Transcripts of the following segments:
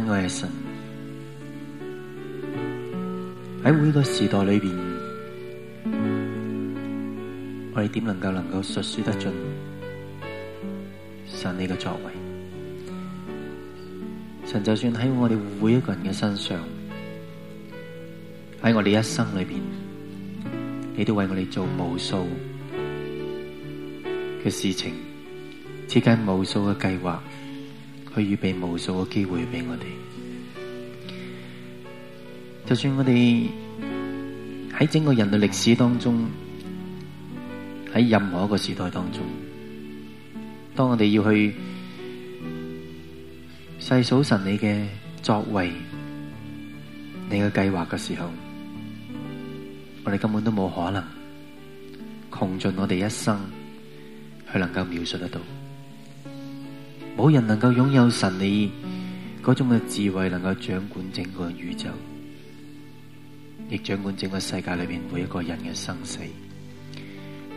親愛的神，喺每個時代裏邊，我哋點能夠能夠述說得盡神你嘅作為？神就算喺我哋每一個人嘅身上，喺我哋一生裏邊，你都為我哋做無數嘅事情，設計無數嘅計劃。去預備無數個機會俾我哋，就算我哋喺整個人類歷史當中，喺任何一個時代當中，當我哋要去細數神你嘅作為，你嘅計劃嘅時候，我哋根本都冇可能窮盡我哋一生去能夠描述得到。冇人能夠擁有神你嗰種嘅智慧，能夠掌管整個宇宙，亦掌管整個世界裏面每一個人嘅生死，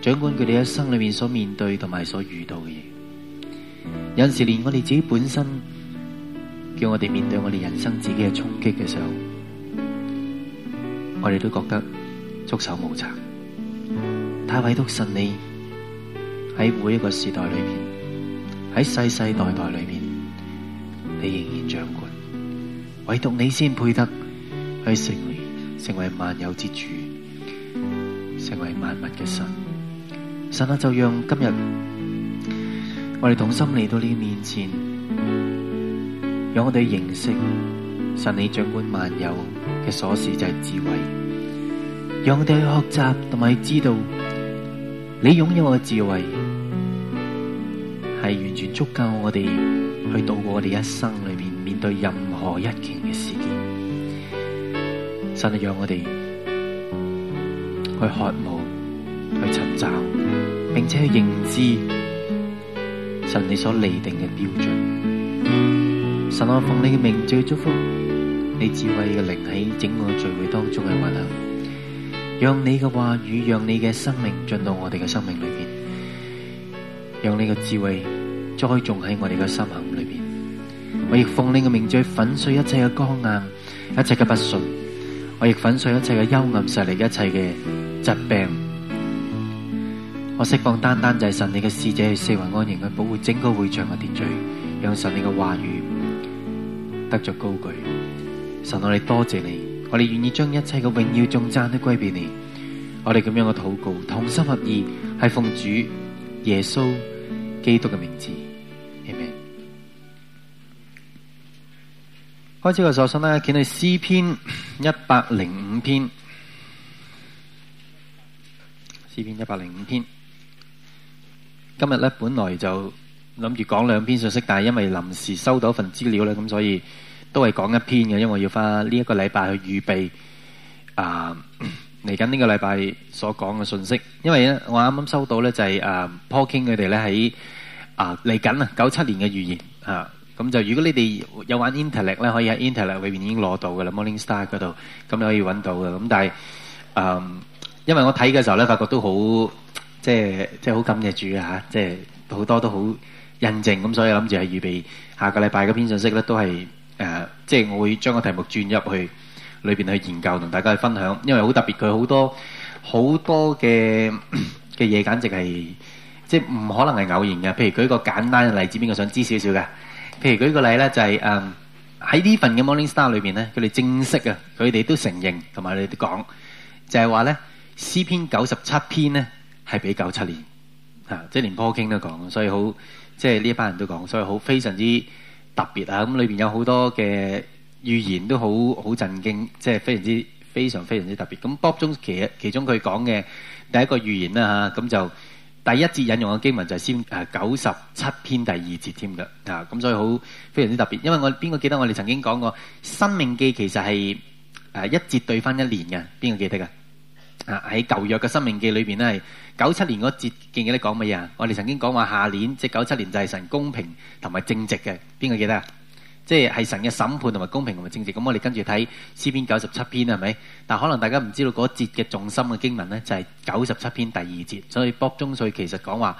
掌管佢哋一生裏面所面對同埋所遇到嘅嘢。有時連我哋自己本身，叫我哋面對我哋人生自己嘅衝擊嘅時候，我哋都覺得束手無策。但係唯獨神你喺每一個時代裏邊。喺世世代代裏面，你仍然掌管，唯獨你先配得去成為成為萬有之主，成為萬物嘅神。神啊，就讓今日我哋同心嚟到你面前，讓我哋認識神。你掌管萬有嘅鎖匙就係智慧，讓我哋去學習同埋知道你擁有我嘅智慧。係完全足夠我哋去度過我哋一生裏面面對任何一件嘅事件。神啊，讓我哋去渴望、去尋找，並且去認知神你所擬定嘅標準。神我奉你嘅名，最祝福你智慧嘅靈喺整個聚會當中嘅運行，讓你嘅話語、讓你嘅生命進到我哋嘅生命裏邊，讓你個智慧。栽種喺我哋嘅心坎裏邊，我亦奉你嘅名，再粉碎一切嘅剛硬，一切嘅不信，我亦粉碎一切嘅幽暗勢力，一切嘅疾病。我釋放單單就係神，你嘅使者去四圍安營去保護整個會場嘅秩序，讓神你嘅話語得着高舉。神我哋多謝你，我哋願意將一切嘅榮耀頌讚都歸俾你。我哋咁樣嘅禱告，同心合意，係奉主耶穌基督嘅名字。開始嘅首信咧，見喺詩篇一百零五篇。詩篇一百零五篇。今日咧，本來就諗住講兩篇信息，但係因為臨時收到一份資料咧，咁所以都係講一篇嘅，因為我要花呢一個禮拜去預備啊，嚟緊呢個禮拜所講嘅信息。因為咧，我啱啱收到咧就係啊，Pokey 佢哋咧喺啊嚟緊啊九七年嘅預言啊。咁就如果你哋有玩 Intellect 咧，可以喺 Intellect 裏邊已經攞到噶啦 Morning Star 嗰度，咁你可以揾到㗎。咁但係誒、呃，因為我睇嘅時候咧，發覺都好即係即係好感謝主嘅嚇，即係好多都好印證咁，所以諗住係預備下個禮拜嗰篇信息咧，都係誒、呃，即係我會將個題目轉入去裏邊去研究同大家去分享，因為好特別，佢好多好多嘅嘅嘢，簡直係即係唔可能係偶然嘅。譬如舉個簡單嘅例子，邊個想知少少嘅？譬如舉個例咧，就係誒喺呢份嘅 Morning Star 裏邊咧，佢哋正式啊，佢哋都承認同埋佢哋都講，就係話咧詩篇九十七篇咧係畀九七年啊，即係連 Paul King 都講，所以好即係呢一班人都講，所以好非常之特別啊！咁裏邊有好多嘅預言都好好震驚，即係非常之非常非常之特別。咁 Bob Jones 其實其中佢講嘅第一個預言咧嚇，咁就。第一節引用嘅經文就係先誒九十七篇第二節添㗎，啊咁所以好非常之特別。因為我邊個記得我哋曾經講過《生命記》其實係誒一節對翻一年嘅，邊個記得㗎？啊喺舊約嘅《生命記裏面是》裏邊咧，係九七年嗰節記咧講乜嘢啊？我哋曾經講話下年即九七年就係神公平同埋正直嘅，邊個記得啊？即係神嘅審判同埋公平同埋正直，咁我哋跟住睇詩篇九十七篇係咪？但可能大家唔知道嗰節嘅重心嘅經文呢，就係九十七篇第二節。所以卜中瑞其實講話，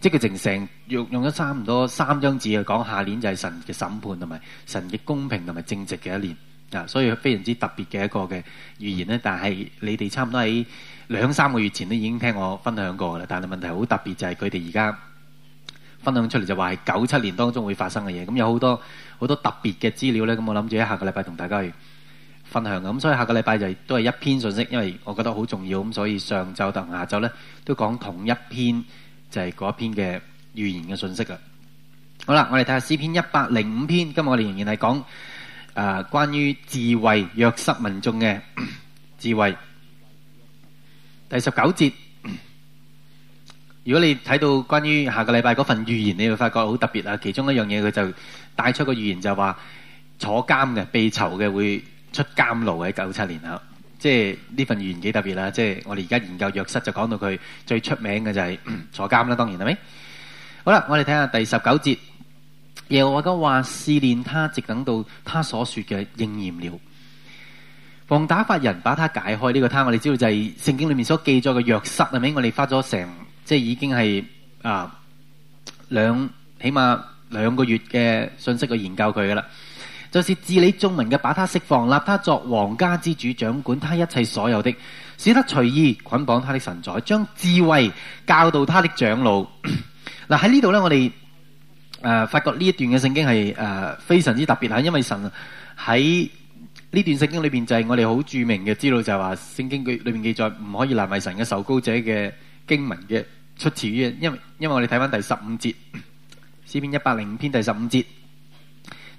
即係佢淨成用用咗差唔多三張字去講下年就係神嘅審判同埋神嘅公平同埋正直嘅一年。嗱，所以非常之特別嘅一個嘅預言呢。嗯、但係你哋差唔多喺兩三個月前都已經聽我分享過啦。但係問題好特別就係佢哋而家。分享出嚟就話係九七年當中會發生嘅嘢，咁有好多好多特別嘅資料咧，咁我諗住喺下個禮拜同大家去分享嘅。咁所以下個禮拜就都係一篇信息，因為我覺得好重要，咁所以上晝同下晝咧都講同一篇，就係嗰一篇嘅預言嘅信息嘅。好啦，我哋睇下詩篇一百零五篇，今日我哋仍然係講誒關於智慧，約瑟民眾嘅智慧，第十九節。如果你睇到關於下個禮拜嗰份預言，你會發覺好特別啊。其中一樣嘢佢就帶出個預言，就話坐監嘅、被囚嘅會出監牢喺九七年啊。即係呢份預言幾特別啦。即係我哋而家研究約瑟就講到佢最出名嘅就係坐監啦，當然係咪？好啦，我哋睇下第十九節，耶和華嘅話試煉他，直等到他所說嘅應驗了。防打發人把他解開呢個他，我哋知道就係聖經裏面所記載嘅約瑟係咪？我哋花咗成。即係已經係啊，兩起碼兩個月嘅信息去研究佢噶啦，就是治理眾民嘅，把他釋放，立他作皇家之主，掌管他一切所有的，使得隨意捆綁他的神子，將智慧教導他的長老。嗱喺呢度呢，我哋誒、啊、發覺呢一段嘅聖經係誒、啊、非常之特別吓，因為神喺呢段聖經裏邊就係我哋好著名嘅資料，就係話，聖經記裏邊記載唔可以難為神嘅受膏者嘅。經文嘅出處於，因為因為我哋睇翻第十五節詩篇一百零五篇第十五節，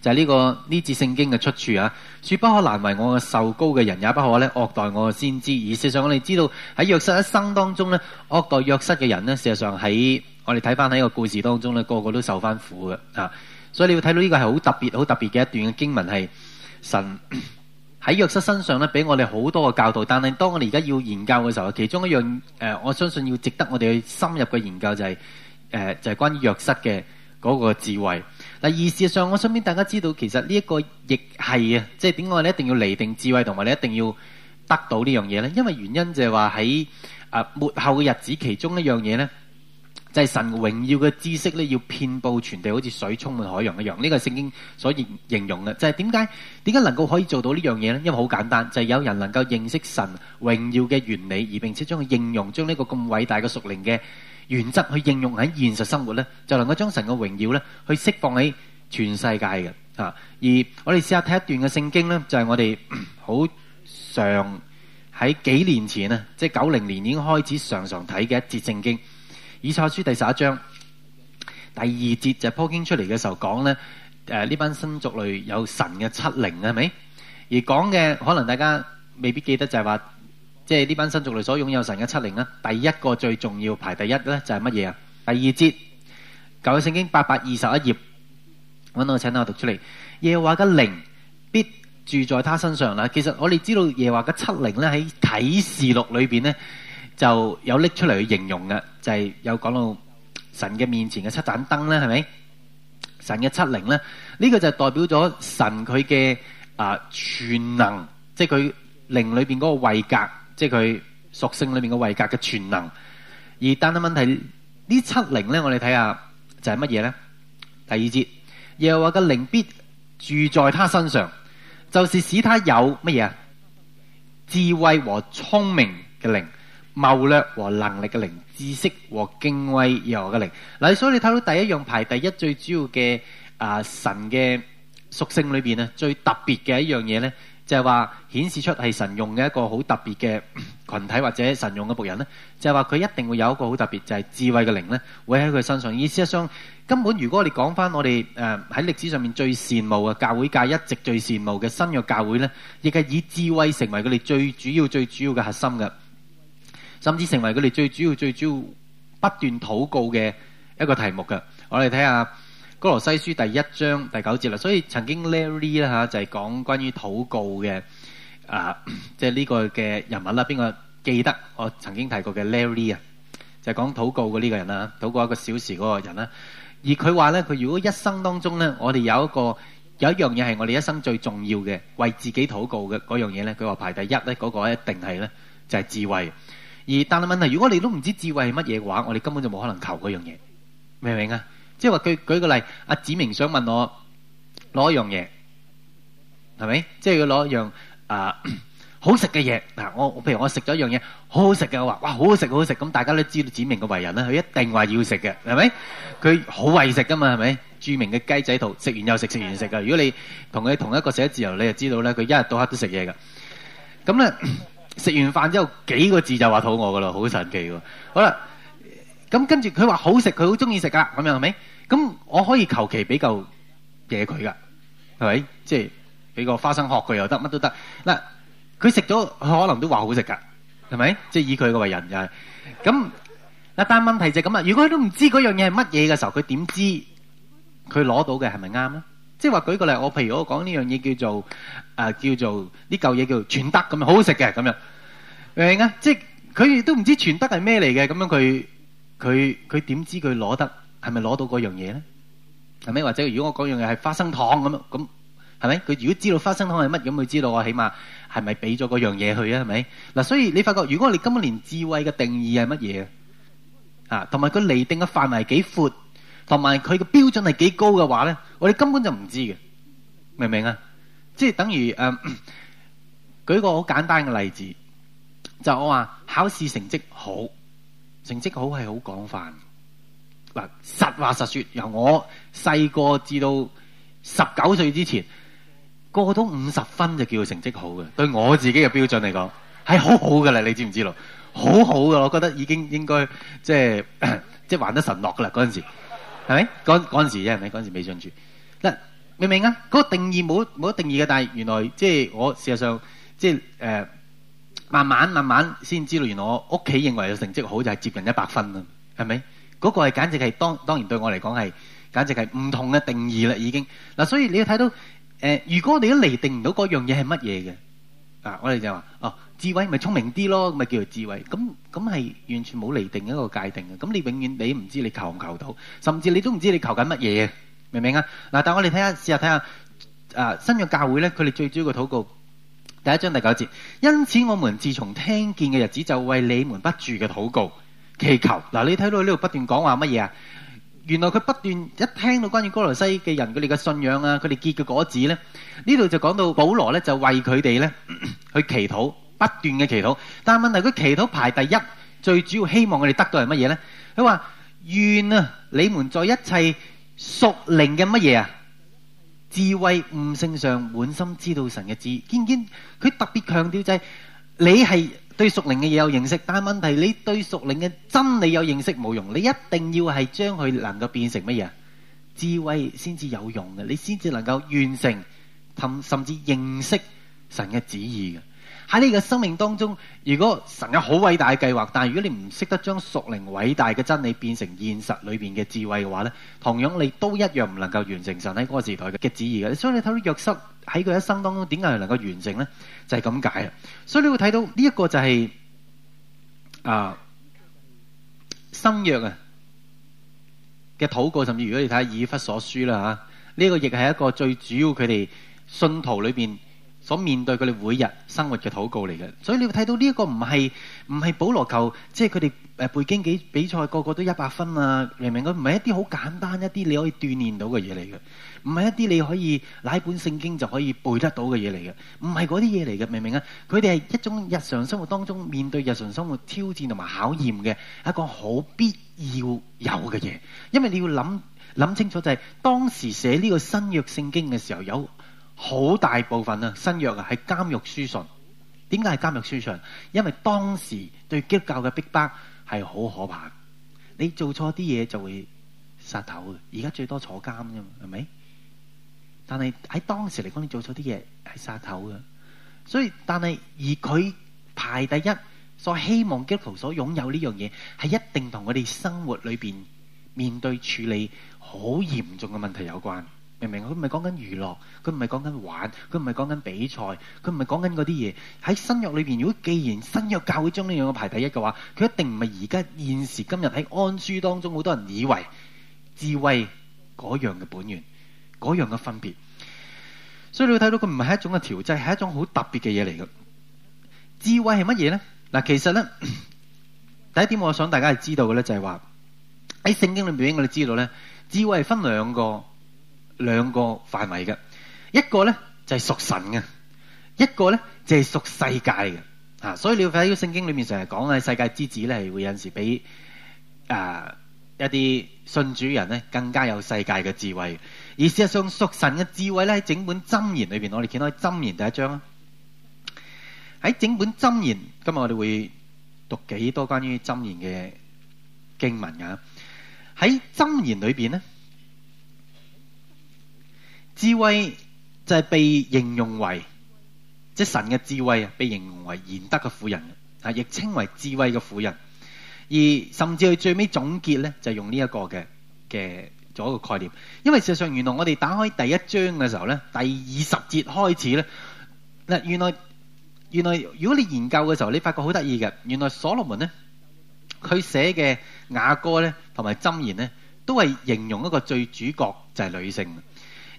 就係、是、呢、這個呢節聖經嘅出處啊。說不可難為我嘅受膏嘅人，也不可咧惡待我嘅先知。而事實上我哋知道喺約瑟一生當中咧，惡待約瑟嘅人咧，事實上喺我哋睇翻喺個故事當中咧，個個都受翻苦嘅啊。所以你會睇到呢個係好特別好特別嘅一段經文，係神。喺約瑟身上咧，俾我哋好多嘅教導。但係當我哋而家要研究嘅時候，其中一樣誒，我相信要值得我哋去深入嘅研究就係誒，就係關於約瑟嘅嗰個智慧。嗱，而事實上，我想俾大家知道，其實呢一個亦係啊，即係點講咧？一定要離定智慧，同埋你一定要得到呢樣嘢咧。因為原因就係話喺誒末後嘅日子，其中一樣嘢咧。.就係神榮耀嘅知識咧，要遍佈全地，好似水充滿海洋一樣。呢個係聖經所形容嘅。就係點解點解能夠可以做到呢樣嘢咧？因為好簡單，就係有人能夠認識神榮耀嘅原理，而並且將佢應用，將呢個咁偉大嘅屬靈嘅原則去應用喺現實生活咧，就能夠將神嘅榮耀咧去釋放喺全世界嘅。嚇！而我哋試下睇一段嘅聖經咧，就係我哋好常喺幾年前啊，即係九零年已經開始常常睇嘅一節聖經。以賽書第十一章第二節就破、是、經出嚟嘅時候講咧，誒、啊、呢班新族類有神嘅七靈係咪？而講嘅可能大家未必記得就係話，即係呢班新族類所擁有神嘅七靈啦。第一個最重要排第一咧就係乜嘢啊？第二節舊嘅聖經八百二十一頁，搵到請等我讀出嚟。耶華嘅靈必住在他身上啦。其實我哋知道耶華嘅七靈咧喺啟示錄裏邊咧就有拎出嚟去形容嘅。就係有講到神嘅面前嘅七盞燈咧，係咪？神嘅七靈咧，呢個就代表咗神佢嘅啊全能，即係佢靈裏邊個位格，即係佢屬性裏邊嘅位格嘅全能。而但係問題呢七靈咧，我哋睇下就係乜嘢咧？第二節又話嘅靈必住在他身上，就是使他有乜嘢？啊智慧和聰明嘅靈。謀略和能力嘅靈，知識和敬畏耶和華嘅靈，嗱，所以你睇到第一樣排第一最主要嘅啊、呃、神嘅屬性裏邊最特別嘅一樣嘢呢，就係、是、話顯示出係神用嘅一個好特別嘅群體或者神用嘅僕人呢就係話佢一定會有一個好特別，就係、是、智慧嘅靈呢會喺佢身上。意思一想，根本如果我哋講翻我哋誒喺歷史上面最羨慕嘅教會界，一直最羨慕嘅新約教會呢，亦係以智慧成為佢哋最主要、最主要嘅核心嘅。甚至成為佢哋最主要、最主要不斷禱告嘅一個題目嘅。我哋睇下哥羅西書第一章第九節啦。所以曾經 Larry 啦嚇就係講關於禱告嘅啊，即係呢個嘅人物啦。邊個記得我曾經提過嘅 Larry 啊？就係講禱告嘅呢個人啦，禱告一個小時嗰個人啦。而佢話咧，佢如果一生當中咧，我哋有一個有一樣嘢係我哋一生最重要嘅，為自己禱告嘅嗰樣嘢咧。佢話排第一咧，嗰個一定係咧，就係智慧。而但係問題，如果你都唔知智慧係乜嘢嘅話，我哋根本就冇可能求嗰樣嘢，明唔明啊？即係話舉個例，阿子明想問我攞一樣嘢，係咪？即係要攞一樣啊、呃、好食嘅嘢嗱，我譬如我食咗一樣嘢好好食嘅，我話哇好好食好好食，咁大家都知道子明嘅為人咧，佢一定話要食嘅，係咪？佢好為食噶嘛，係咪？著名嘅雞仔肚，食完又食，食完又食噶。如果你同佢同一個寫字樓，你就知道咧，佢一日到黑都食嘢噶。咁咧。食完飯之後幾個字就話肚餓噶啦，好神奇喎！好啦，咁跟住佢話好食，佢好中意食噶，咁樣係咪？咁我可以求其俾嚿嘢佢噶，係咪？即係俾個花生殼佢又得，乜都得。嗱，佢食咗佢可能都話好食噶，係咪？即係以佢個為人就係咁。嗱，但問題就係咁啊！如果佢都唔知嗰樣嘢係乜嘢嘅時候，佢點知佢攞到嘅係咪啱咧？即係話舉個例，我譬如我講呢樣嘢叫做、啊、叫做呢嚿嘢叫做傳德咁樣，好好食嘅咁樣，明啊？即係佢亦都唔知傳德係咩嚟嘅，咁樣佢佢佢點知佢攞得係咪攞到嗰樣嘢咧？係咪？或者如果我講樣嘢係花生糖咁，咁係咪？佢如果知道花生糖係乜，咁佢知道我起碼係咪俾咗嗰樣嘢去是是啊？係咪？嗱，所以你發覺，如果我哋根本連智慧嘅定義係乜嘢啊？同埋佢釐定嘅範圍幾闊？同埋佢嘅標準係幾高嘅話咧，我哋根本就唔知嘅，明唔明啊？即係等於誒、呃，舉個好簡單嘅例子，就是、我話考試成績好，成績好係好廣泛。嗱，實話實說，由我細個至到十九歲之前，過到五十分就叫做成績好嘅。對我自己嘅標準嚟講，係好好㗎啦，你知唔知道？好好嘅，我覺得已經應該即係即係還得神落噶啦嗰陣時。係咪？嗰嗰陣時咧，嗰陣時未進住，嗱，明唔明啊？嗰個定義冇冇得定義嘅，但係原來即係我事實上即係誒，慢慢慢慢先知道，原來我屋企認為嘅成績好就係接近一百分啦，係咪？嗰個係簡直係當當然對我嚟講係簡直係唔同嘅定義啦，已經。嗱，所以你要睇到誒，如果我哋都釐定唔到嗰樣嘢係乜嘢嘅，啊，我哋就話哦。智慧咪聰明啲咯，咪叫做智慧。咁咁係完全冇釐定一個界定嘅。咁你永遠你唔知你求唔求到，甚至你都唔知你求緊乜嘢啊？明唔明啊？嗱，但係我哋睇下，試下睇下，誒，新約教會咧，佢哋最主要嘅禱告，第一章第九節。因此，我們自從聽見嘅日子，就為你們不住嘅禱告祈求。嗱，你睇到佢呢度不斷講話乜嘢啊？原來佢不斷一聽到關於哥羅西嘅人佢哋嘅信仰啊，佢哋結嘅果子咧，呢度就講到保羅咧就為佢哋咧去祈禱。不斷嘅祈禱，但係問題佢祈禱排第一，最主要希望我哋得到係乜嘢呢？佢話願啊，你們在一切屬靈嘅乜嘢啊，智慧悟性上滿心知道神嘅旨意。」堅堅佢特別強調就係、是、你係對屬靈嘅嘢有認識，但係問題你對屬靈嘅真理有認識冇用？你一定要係將佢能夠變成乜嘢啊？智慧先至有用嘅，你先至能夠完成，甚甚至認識神嘅旨意嘅。喺你嘅生命當中，如果神有好偉大嘅計劃，但係如果你唔識得將屬靈偉大嘅真理變成現實裏邊嘅智慧嘅話咧，同樣你都一樣唔能夠完成神喺嗰個時代嘅旨意嘅。所以你睇到約瑟喺佢一生當中點解能夠完成咧，就係咁解啊。所以你會睇到呢一，這個就係、是、啊新約啊嘅禱告，甚至如果你睇下以弗所書啦吓，呢、啊這個亦係一個最主要佢哋信徒裏邊。所面對佢哋每日生活嘅禱告嚟嘅，所以你會睇到呢一個唔係唔係保羅求，即係佢哋誒背經幾比賽個個都一百分啊，明唔明啊？唔係一啲好簡單一啲你可以鍛鍊到嘅嘢嚟嘅，唔係一啲你可以攞本聖經就可以背得到嘅嘢嚟嘅，唔係嗰啲嘢嚟嘅，明唔明啊？佢哋係一種日常生活當中面對日常生活挑戰同埋考驗嘅一個好必要有嘅嘢，因為你要諗諗清楚就係當時寫呢個新約聖經嘅時候有。好大部分啊，新約啊，係監獄書信。點解係監獄書信？因為當時對基督教嘅逼迫係好可怕。你做錯啲嘢就會殺頭嘅。而家最多坐監啫嘛，係咪？但係喺當時嚟講，你做錯啲嘢係殺頭嘅。所以，但係而佢排第一所希望基督徒所擁有呢樣嘢，係一定同我哋生活裏邊面面對處理好嚴重嘅問題有關。明明佢唔係講緊娛樂，佢唔係講緊玩，佢唔係講緊比賽，佢唔係講緊嗰啲嘢。喺新約裏邊，如果既然新約教會中呢樣嘅排第一嘅話，佢一定唔係而家現時今日喺安書當中好多人以為智慧嗰樣嘅本源，嗰樣嘅分別。所以你會睇到佢唔係一種嘅調劑，係一種好特別嘅嘢嚟嘅。智慧係乜嘢呢？嗱，其實呢，第一點，我想大家係知道嘅咧，就係話喺聖經裏面我哋知道咧，智慧係分兩個。兩個範圍嘅，一個咧就係、是、屬神嘅，一個咧就係、是、屬世界嘅。啊，所以你要睇喺聖經裏面成日講咧，世界之子咧係會有時比啊、呃、一啲信主人咧更加有世界嘅智慧。而事實上屬神嘅智慧咧喺整本箴言裏邊，我哋見到喺箴言第一章啊，喺整本箴言，今日我哋會讀幾多關於箴言嘅經文啊？喺箴言裏邊咧。智慧就係被形容為即、就是、神嘅智慧啊，被形容為賢德嘅婦人啊，亦稱為智慧嘅婦人。而甚至去最尾總結呢，就用呢一個嘅嘅做一個概念。因為事實上原來我哋打開第一章嘅時候呢，第二十節開始呢，嗱，原來原來如果你研究嘅時候，你發覺好得意嘅，原來所羅門呢，佢寫嘅雅歌呢，同埋箴言呢，都係形容一個最主角就係、是、女性。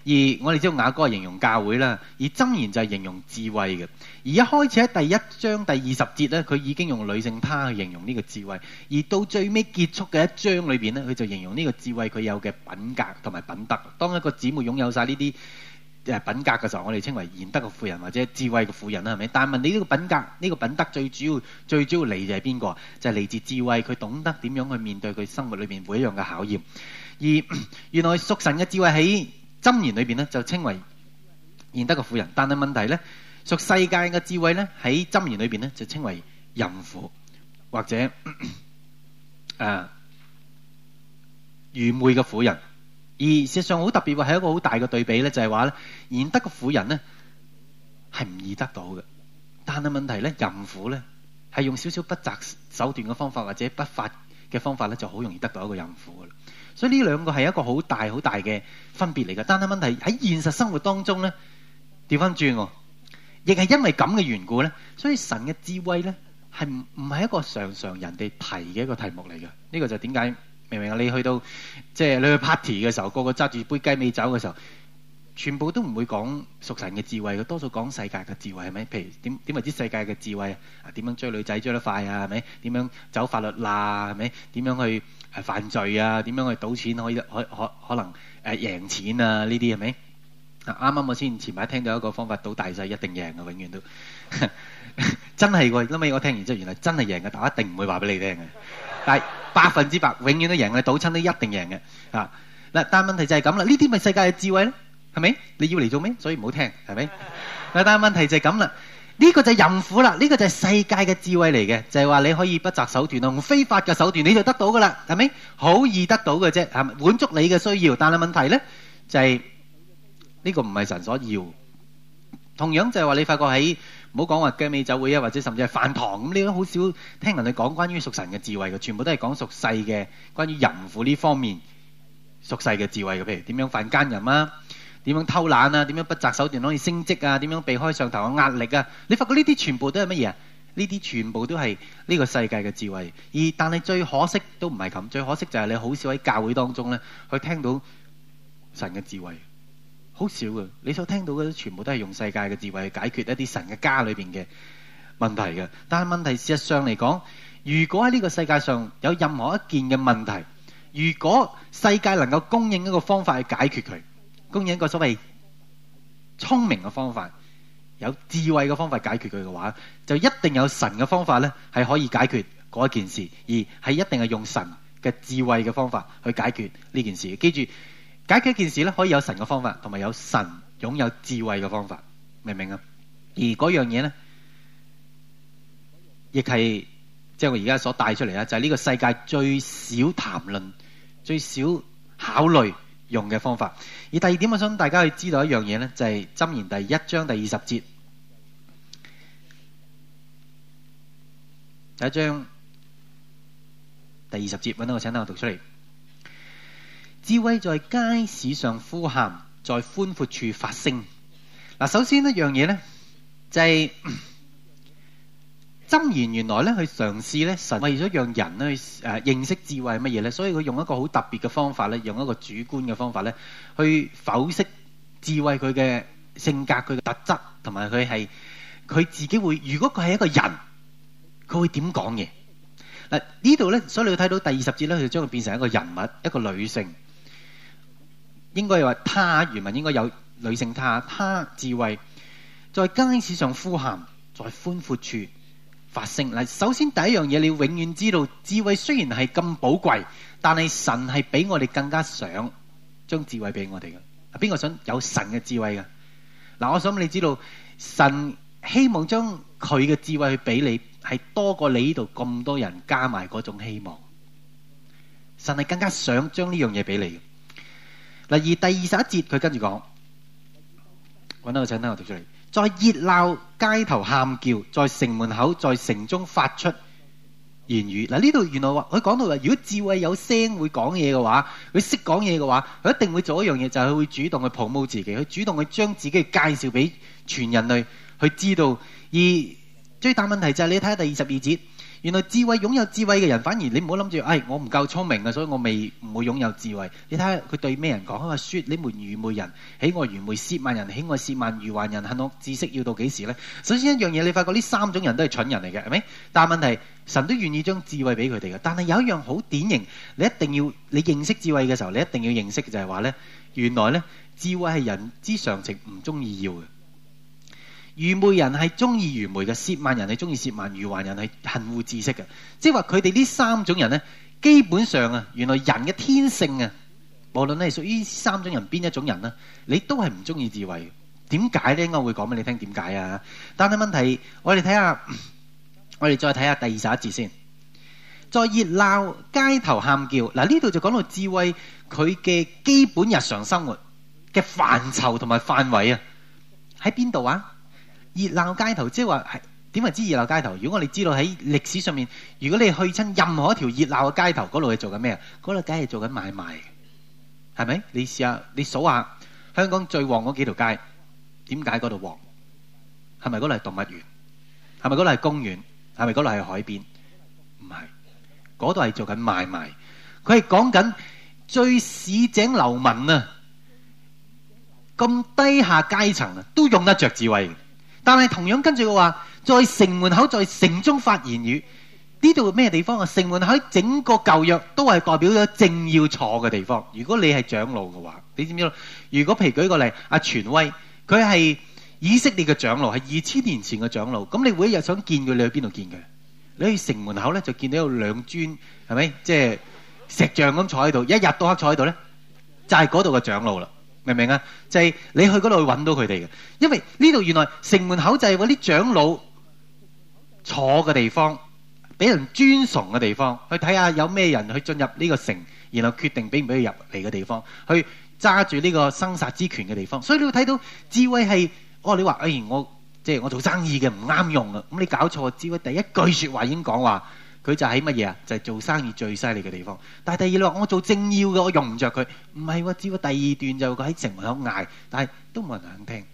而我哋知道雅歌係形容教會啦，而箴言就係形容智慧嘅。而一開始喺第一章第二十節咧，佢已經用女性她去形容呢個智慧。而到最尾結束嘅一章裏面咧，佢就形容呢個智慧佢有嘅品格同埋品德。當一個姊妹擁有晒呢啲誒品格嘅時候，我哋稱為賢德嘅婦人或者智慧嘅婦人啦，係咪？但問你呢個品格呢、呢個品德最主要最主要嚟就係邊個？就係、是、嚟自智慧，佢懂得點樣去面對佢生活裏邊每一樣嘅考驗。而原來屬神嘅智慧喺箴言裏邊咧就稱為賢德嘅婦人，但係問題咧，屬世界嘅智慧咧喺箴言裏邊咧就稱為淫婦或者誒、啊、愚昧嘅婦人。而事實上好特別嘅係一個好大嘅對比咧，就係話咧賢德嘅婦人咧係唔易得到嘅，但係問題咧淫婦咧係用少少不擇手段嘅方法或者不法嘅方法咧就好容易得到一個淫婦嘅啦。所以呢兩個係一個好大好大嘅分別嚟㗎，但係問題喺現實生活當中咧，調翻轉喎，亦係因為咁嘅緣故咧，所以神嘅智慧咧係唔唔係一個常常人哋提嘅一個題目嚟㗎。呢、這個就點解？明唔明啊？你去到即係、就是、你去 party 嘅時候，個個揸住杯雞尾酒嘅時候。全部都唔會講屬神嘅智慧，多數講世界嘅智慧，係咪？譬如點點為之世界嘅智慧啊？點樣追女仔追得快啊？係咪？點樣走法律啊？係咪？點樣去誒犯罪啊？點樣去賭錢可以可可可能誒贏錢啊？呢啲係咪？啱啱我先前排聽到一個方法，賭大細一定贏嘅，永遠都真係喎。後尾我聽完之後，原來真係贏嘅，但係一定唔會話俾你聽嘅。但係百分之百永遠都贏嘅，賭親都一定贏嘅。啊嗱，但係問題就係咁啦，呢啲咪世界嘅智慧咧？係咪？你要嚟做咩？所以唔好聽，係咪？但係問題就係咁啦，呢個就係淫婦啦，呢個就係世界嘅智慧嚟嘅，就係話你可以不擇手段啊，用非法嘅手段你就得到噶啦，係咪？好易得到嘅啫，係咪？滿足你嘅需要，但係問題咧就係呢個唔係神所要。同樣就係話你發覺喺唔好講話雞尾酒會啊，或者甚至係飯堂咁，你都好少聽人哋講關於屬神嘅智慧嘅，全部都係講屬世嘅關於淫婦呢方面屬世嘅智慧嘅，譬如點樣犯姦淫啊。點樣偷懶啊？點樣不擇手段可以升職啊？點樣避開上頭嘅壓力啊？你發覺呢啲全部都係乜嘢啊？呢啲全部都係呢個世界嘅智慧。而但係最可惜都唔係咁，最可惜就係你好少喺教會當中咧，去聽到神嘅智慧，好少嘅。你所聽到嘅全部都係用世界嘅智慧去解決一啲神嘅家裏面嘅問題嘅。但係問題事實上嚟講，如果喺呢個世界上有任何一件嘅問題，如果世界能夠供應一個方法去解決佢。供應一個所謂聰明嘅方法，有智慧嘅方法解決佢嘅話，就一定有神嘅方法咧，係可以解決嗰一件事，而係一定係用神嘅智慧嘅方法去解決呢件事。記住，解決一件事咧，可以有神嘅方法，同埋有神擁有智慧嘅方法，明唔明啊？而嗰樣嘢咧，亦係即係我而家所帶出嚟的，就係呢個世界最少談論，最少考慮用嘅方法，而第二點我想大家要知道一樣嘢呢，就係《箴言》第一章第二十節。第一章第二十節，揾到我，請等我讀出嚟。智慧在街市上呼喊，在寬闊處發聲。嗱，首先一樣嘢呢，就係、是。箴言原來咧，去嘗試咧，神為咗讓人去誒認識智慧係乜嘢咧，所以佢用一個好特別嘅方法咧，用一個主觀嘅方法咧，去剖析智慧佢嘅性格、佢嘅特質同埋佢係佢自己會。如果佢係一個人，佢會點講嘢嗱？呢度咧，所以你要睇到第二十節咧，佢就將佢變成一個人物，一個女性，應該又話他原文應該有女性她，她智慧在街市上呼喊，在寬闊處發聲嗱，首先第一樣嘢，你永遠知道智慧雖然係咁寶貴，但係神係比我哋更加想將智慧俾我哋嘅。邊個想有神嘅智慧嘅？嗱，我想你知道神希望將佢嘅智慧去俾你，係多過你呢度咁多人加埋嗰種希望。神係更加想將呢樣嘢俾你嘅。嗱，而第二十一節佢跟住講，搵到個清單，我讀出嚟。」在熱鬧街頭喊叫，在城門口，在城中發出言語。嗱，呢度原來話佢講到話，如果智慧有聲會講嘢嘅話，佢識講嘢嘅話，佢一定會做一樣嘢，就係佢會主動去 promote 自己，去主動去將自己介紹俾全人類去知道。而最大問題就係你睇下第二十二節。原來智慧擁有智慧嘅人，反而你唔好諗住，哎，我唔夠聰明嘅，所以我未唔會擁有智慧。你睇下佢對咩人講啊？他說說，你們愚昧人喜愛愚昧，褻慢人喜愛褻慢，愚頑人恨惡知識要到幾時呢？首先一樣嘢，你發覺呢三種人都係蠢人嚟嘅，係咪？但係問題是，神都願意將智慧畀佢哋嘅。但係有一樣好典型，你一定要你認識智慧嘅時候，你一定要認識嘅就係話咧，原來咧智慧係人之常情唔中意要嘅。愚昧人係中意愚昧嘅，褻慢人係中意褻慢，愚頑人係恨惡知識嘅。即係話佢哋呢三種人呢，基本上啊，原來人嘅天性啊，無論你係屬於三種人邊一種人啦，你都係唔中意智慧。點解呢？咧？應該會講俾你聽點解啊！但係問題，我哋睇下，我哋再睇下第二十一節先，在熱鬧街頭喊叫嗱，呢度就講到智慧佢嘅基本日常生活嘅範疇同埋範圍啊，喺邊度啊？熱鬧街頭，即係話係點為之熱鬧街頭？如果我哋知道喺歷史上面，如果你去親任何一條熱鬧嘅街頭，嗰度係做緊咩？嗰度街係做緊買賣，係咪？你試下，你數下香港最旺嗰幾條街，點解嗰度旺？係咪嗰度係動物園？係咪嗰度係公園？係咪嗰度係海邊？唔係，嗰度係做緊買賣。佢係講緊最市井流民啊，咁低下階層啊，都用得着智慧。但係同樣跟住嘅話，在城門口，在城中發言語，呢度咩地方啊？城門口，整個舊約都係代表咗正要坐嘅地方。如果你係長老嘅話，你知唔知？如果譬如舉個例，阿全威，佢係以色列嘅長老，係二千年前嘅長老。咁你每一日想見佢，你去邊度見佢？你去城門口咧，就見到有兩尊，係咪？即係石像咁坐喺度，一日到黑坐喺度咧，就係嗰度嘅長老啦。明唔明啊？就係、是、你去嗰度去搵到佢哋嘅，因為呢度原來城門口就係嗰啲長老坐嘅地方，俾人尊崇嘅地方，去睇下有咩人去進入呢個城，然後決定俾唔俾佢入嚟嘅地方，去揸住呢個生殺之權嘅地方。所以你會睇到智慧係哦，你話誒、哎，我即係、就是、我做生意嘅唔啱用啊，咁你搞錯智慧第一句說話已經講話。佢就喺乜嘢啊？就係做生意最犀利嘅地方。但係第二，你話我做政要嘅，我用唔著佢。唔係喎，只不過第二段就佢喺城門口嗌，但係都冇人肯聽。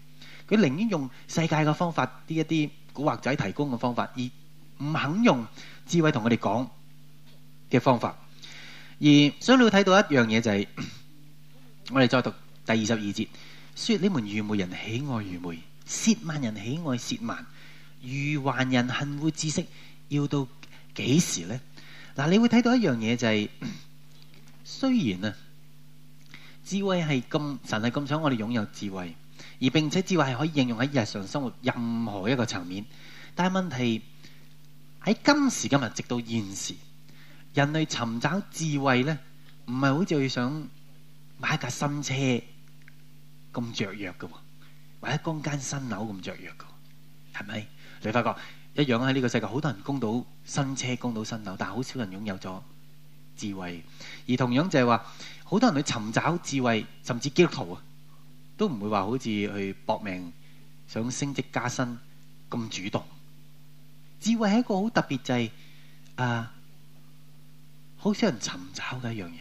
佢寧願用世界嘅方法，啲一啲古惑仔提供嘅方法，而唔肯用智慧同我哋講嘅方法。而所以你會睇到一樣嘢就係，我哋再讀第二十二節，説你們愚昧人喜愛愚昧，褻慢人喜愛褻慢，愚頑人恨惡知識，要到。幾時呢？嗱，你會睇到一樣嘢，就係、是，雖然啊，智慧係咁，神係咁想我哋擁有智慧，而並且智慧係可以應用喺日常生活任何一個層面。但係問題喺今時今日，直到現時，人類尋找智慧呢，唔係好似想買一架新車咁著約嘅，或者供間新樓咁雀躍嘅，係咪？你發覺？一樣喺呢個世界，好多人供到新車、供到新樓，但係好少人擁有咗智慧。而同樣就係話，好多人去尋找智慧，甚至基督徒啊，都唔會話好似去搏命想升職加薪咁主動。智慧係一個好特別、就是，就係啊，好少人尋找嘅一樣嘢，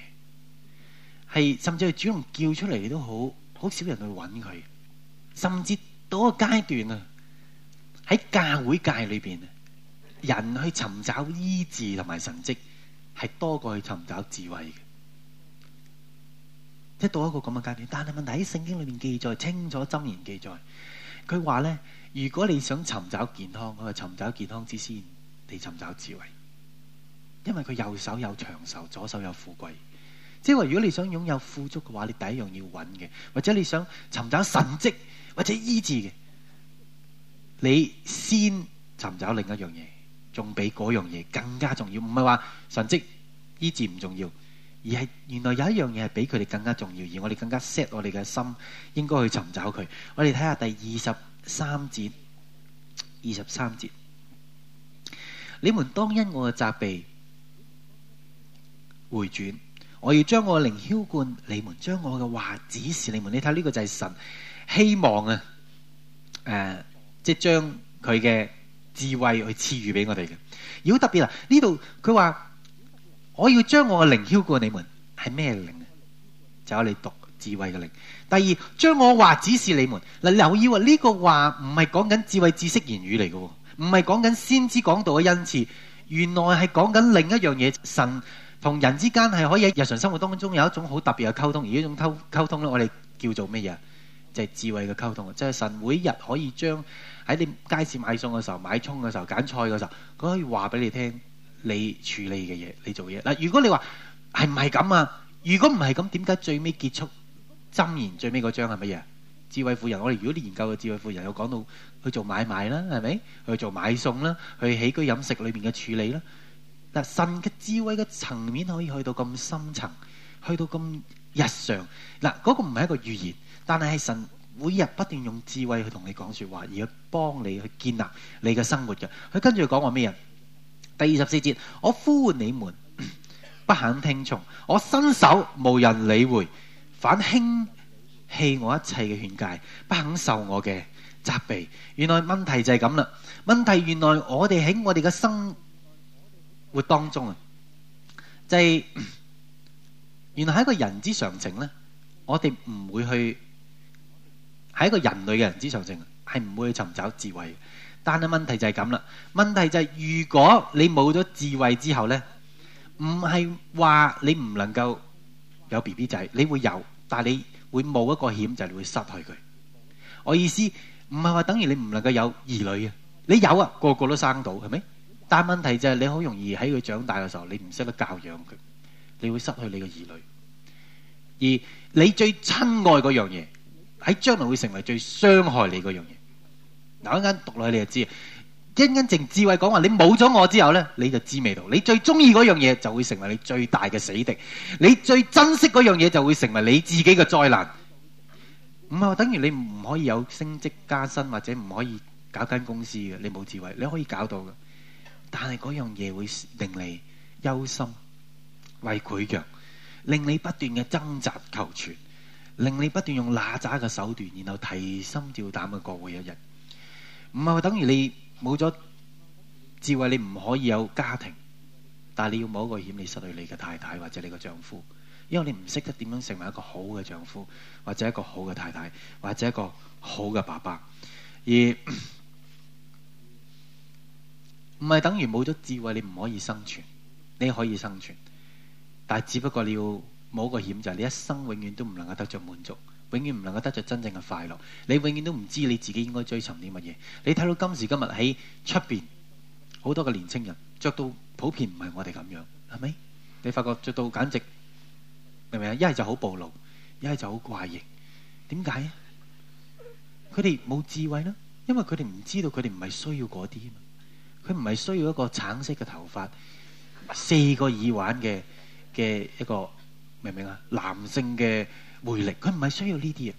係甚至係主人叫出嚟都好，好少人去揾佢。甚至到個階段啊！喺教會界裏邊，人去尋找醫治同埋神蹟，係多過去尋找智慧嘅。即到一個咁嘅階段，但係問題喺聖經裏面記載清楚，箴言記載佢話咧：如果你想尋找健康，我就尋找健康之先，你尋找智慧，因為佢右手有長壽，左手有富貴。即係話，如果你想擁有富足嘅話，你第一樣要揾嘅，或者你想尋找神蹟或者醫治嘅。你先尋找另一樣嘢，仲比嗰樣嘢更加重要。唔係話神蹟呢字唔重要，而係原來有一樣嘢係比佢哋更加重要，而我哋更加 set 我哋嘅心應該去尋找佢。我哋睇下第二十三節，二十三節，你們當因我嘅責備回轉，我要將我嘅靈澆灌，你們將我嘅話指示你們。你睇呢個就係神希望啊，誒、呃。即係將佢嘅智慧去賜予俾我哋嘅。如果特別啊，呢度佢話我要將我嘅靈澆灌你們，係咩靈啊？就有、是、你讀智慧嘅靈。第二，將我話指示你們嗱，留意啊，呢、這個話唔係講緊智慧知識言語嚟嘅，唔係講緊先知講道嘅恩賜，原來係講緊另一樣嘢，神同人之間係可以喺日常生活當中有一種好特別嘅溝通，而呢種溝溝通咧，我哋叫做乜嘢？即係智慧嘅溝通，即係神每日可以將喺你街市買餸嘅時候、買葱嘅時候、揀菜嘅時候，佢可以話俾你聽你處理嘅嘢、你做嘢。嗱，如果你話係唔係咁啊？如果唔係咁，點解最尾結束箴言最尾嗰章係乜嘢？智慧婦人，我哋如果啲研究嘅智慧婦人有講到去做買賣啦，係咪？去做買餸啦，去起居飲食裏邊嘅處理啦。嗱，神嘅智慧嘅層面可以去到咁深層，去到咁日常。嗱，嗰個唔係一個預言。但係喺神每日不斷用智慧去同你講說話，而去幫你去建立你嘅生活嘅。佢跟住講話咩啊？第二十四節，我呼喚你們，不肯聽從；我伸手，無人理會，反輕棄我一切嘅勸誡，不肯受我嘅責備。原來問題就係咁啦。問題原來我哋喺我哋嘅生活當中啊，就係原來係一個人之常情咧。我哋唔會去。係一個人類嘅人之常情，係唔會去尋找智慧嘅。但係問題就係咁啦，問題就係、是、如果你冇咗智慧之後呢，唔係話你唔能夠有 B B 仔，你會有，但係你會冒一個險，就係、是、你會失去佢。我意思唔係話等於你唔能夠有兒女啊，你有啊，個個都生到係咪？但係問題就係、是、你好容易喺佢長大嘅時候，你唔識得教養佢，你會失去你嘅兒女。而你最親愛嗰樣嘢，喺將來會成為最傷害你嗰樣嘢。嗱，一間讀落去你就知啊，因間淨智慧講話，你冇咗我之後呢，你就知味道。你最中意嗰樣嘢就會成為你最大嘅死敵，你最珍惜嗰樣嘢就會成為你自己嘅災難。唔係話等於你唔可以有升職加薪或者唔可以搞間公司嘅，你冇智慧你可以搞到嘅，但係嗰樣嘢會令你憂心、胃潰瘍，令你不斷嘅掙扎求存。令你不斷用邋遢嘅手段，然後提心吊膽嘅過每一日，唔係等於你冇咗智慧，你唔可以有家庭，但係你要冇一個險，你失去你嘅太太或者你嘅丈夫，因為你唔識得點樣成為一個好嘅丈夫，或者一個好嘅太太，或者一個好嘅爸爸，而唔係等於冇咗智慧，你唔可以生存，你可以生存，但係只不過你要。冇個險就係你一生永遠都唔能夠得著滿足，永遠唔能夠得著真正嘅快樂。你永遠都唔知你自己應該追尋啲乜嘢。你睇到今時今日喺出邊好多個年青人著到普遍唔係我哋咁樣，係咪？你發覺著到簡直明唔明啊？一係就好暴露，一係就好怪異。點解啊？佢哋冇智慧啦，因為佢哋唔知道佢哋唔係需要嗰啲嘛。佢唔係需要一個橙色嘅頭髮、四個耳環嘅嘅一個。明唔明啊？男性嘅魅力，佢唔係需要呢啲嘢。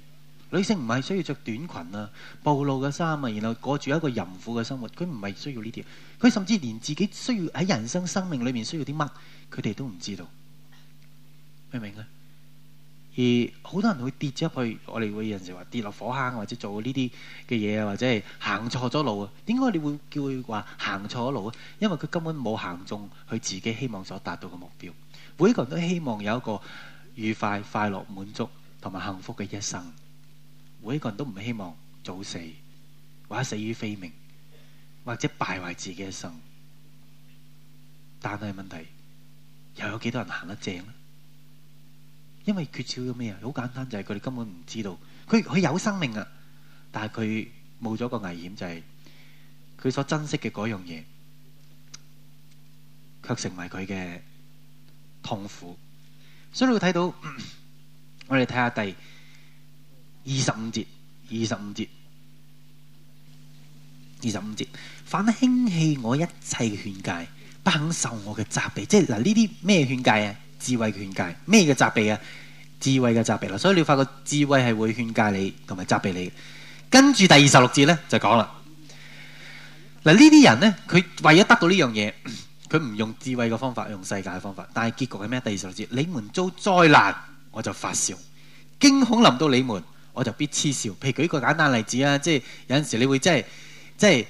女性唔係需要着短裙啊、暴露嘅衫啊，然後過住一個淫婦嘅生活，佢唔係需要呢啲。佢甚至連自己需要喺人生生命裏面需要啲乜，佢哋都唔知道。明唔明啊？而好多人會跌咗入去，我哋會有時話跌落火坑，或者做呢啲嘅嘢啊，或者係行錯咗路啊。點解你會叫佢話行錯咗路啊？因為佢根本冇行中佢自己希望所達到嘅目標。每一個人都希望有一個愉快、快樂、滿足同埋幸福嘅一生。每一個人都唔希望早死，或者死於非命，或者敗壞自己一生。但係，問題又有幾多人行得正呢？因為缺少咗咩啊？好簡單，就係佢哋根本唔知道，佢佢有生命啊，但係佢冇咗個危險，就係佢所珍惜嘅嗰樣嘢，卻成為佢嘅痛苦，所以你會睇到，嗯、我哋睇下第二十五節，二十五節，二十五節反輕棄我一切嘅勸戒，不肯受我嘅責備，即係嗱呢啲咩勸戒啊？智慧嘅勸戒，咩嘅責備啊？智慧嘅責備啦、啊，所以你發覺智慧係會勸戒你同埋責備你。跟住第二十六節咧就講啦，嗱呢啲人咧佢為咗得到呢樣嘢。佢唔用智慧嘅方法，用世界嘅方法。但係結局係咩？第二十六節，你們遭災難，我就發笑；驚恐臨到你們，我就必嗤笑。譬如舉個簡單例子啊，即係有陣時你會真係真係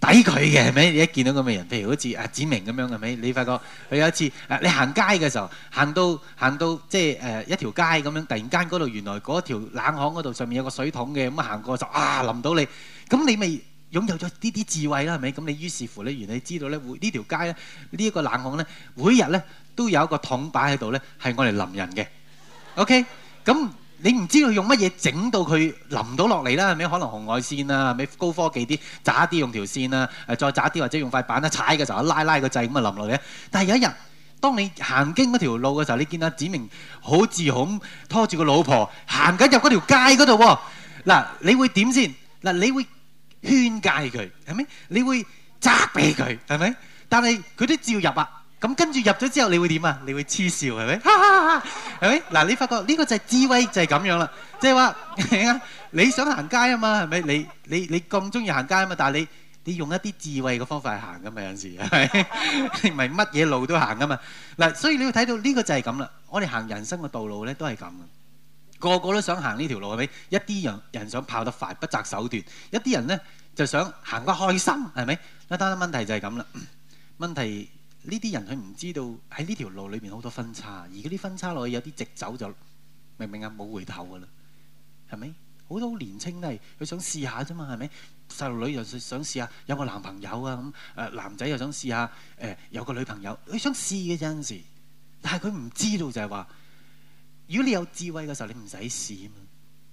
抵佢嘅，係咪？你一見到咁嘅人，譬如好似阿、啊、子明咁樣，嘅，咪？你發覺佢有一次，誒你行街嘅時候，行到行到，行到即係誒、呃、一條街咁樣，突然間嗰度原來嗰條冷巷嗰度上面有個水桶嘅，咁行過就啊淋到你，咁你咪。擁有咗呢啲智慧啦，係咪？咁你於是乎咧，原來你知道咧，會呢條街咧，呢一個冷巷咧，每日咧，都有一個桶擺喺度咧，係我哋淋人嘅。OK，咁你唔知道用乜嘢整到佢淋到落嚟啦？係咪？可能紅外線啊，係咪高科技啲？差啲用條線啊，誒再差啲或者用塊板咧，踩嘅時候拉拉個掣咁啊淋落嚟。但係有一日，當你行經嗰條路嘅時候，你見到子明好自豪咁拖住個老婆行緊入嗰條街嗰度喎。嗱，你會點先？嗱，你會。勸戒佢係咪？你會責備佢係咪？但係佢都照入啊！咁跟住入咗之後你會怎，你會點啊？你會痴笑係咪？係咪嗱？你發覺呢個就係智慧，就係、是、咁樣啦。即係話， 你想行街啊嘛？係咪？你你你咁中意行街啊嘛？但係你你用一啲智慧嘅方法嚟行㗎嘛？有時係咪？你咪乜嘢路都行㗎嘛？嗱，所以你會睇到呢個就係咁啦。我哋行人生嘅道路咧，都係咁嘅。個個都想行呢條路係咪？一啲人人想跑得快，不擇手段；一啲人呢，就想行得開心，係咪？一單問題就係咁啦。問題呢啲人佢唔知道喺呢條路裏面好多分叉，而嗰啲分叉落去有啲直走就明明啊？冇回頭噶啦，係咪？好多年青都係佢想試下啫嘛，係咪？細路女又想試下有個男朋友啊咁，誒、呃、男仔又想試下誒、呃、有個女朋友，佢想試嘅陣時，但係佢唔知道就係話。如果你有智慧嘅時候，你唔使試啊嘛。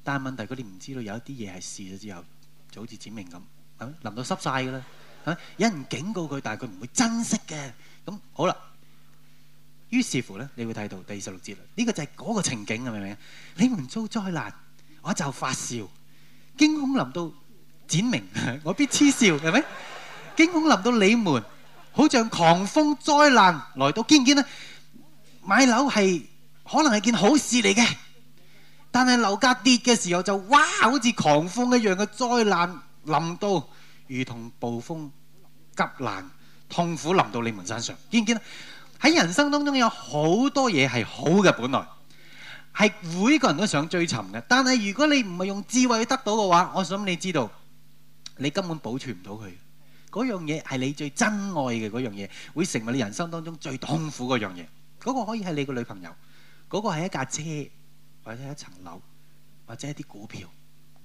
但係問題，佢哋唔知道有一啲嘢係試咗之後，就好似展明咁，嚇臨到濕曬噶啦。嚇有人警告佢，但係佢唔會珍惜嘅。咁好啦，於是乎咧，你會睇到第二十六節啦。呢個就係嗰個情景，係咪？你們遭災難，我就發笑；驚恐臨到展明，我必嗤笑，係咪？驚恐臨到你們，好像狂風災難來到，見唔見呢？買樓係，可能係件好事嚟嘅，但係樓價跌嘅時候就哇，好似狂風一樣嘅災難臨到，如同暴風急難，痛苦臨到你們身上。見唔見？喺人生當中有好多嘢係好嘅，本來係每個人都想追尋嘅，但係如果你唔係用智慧去得到嘅話，我想你知道，你根本保存唔到佢。嗰樣嘢係你最珍愛嘅嗰樣嘢，會成為你人生當中最痛苦嗰樣嘢。嗰個可以係你個女朋友。嗰個係一架車，或者一層樓，或者一啲股票，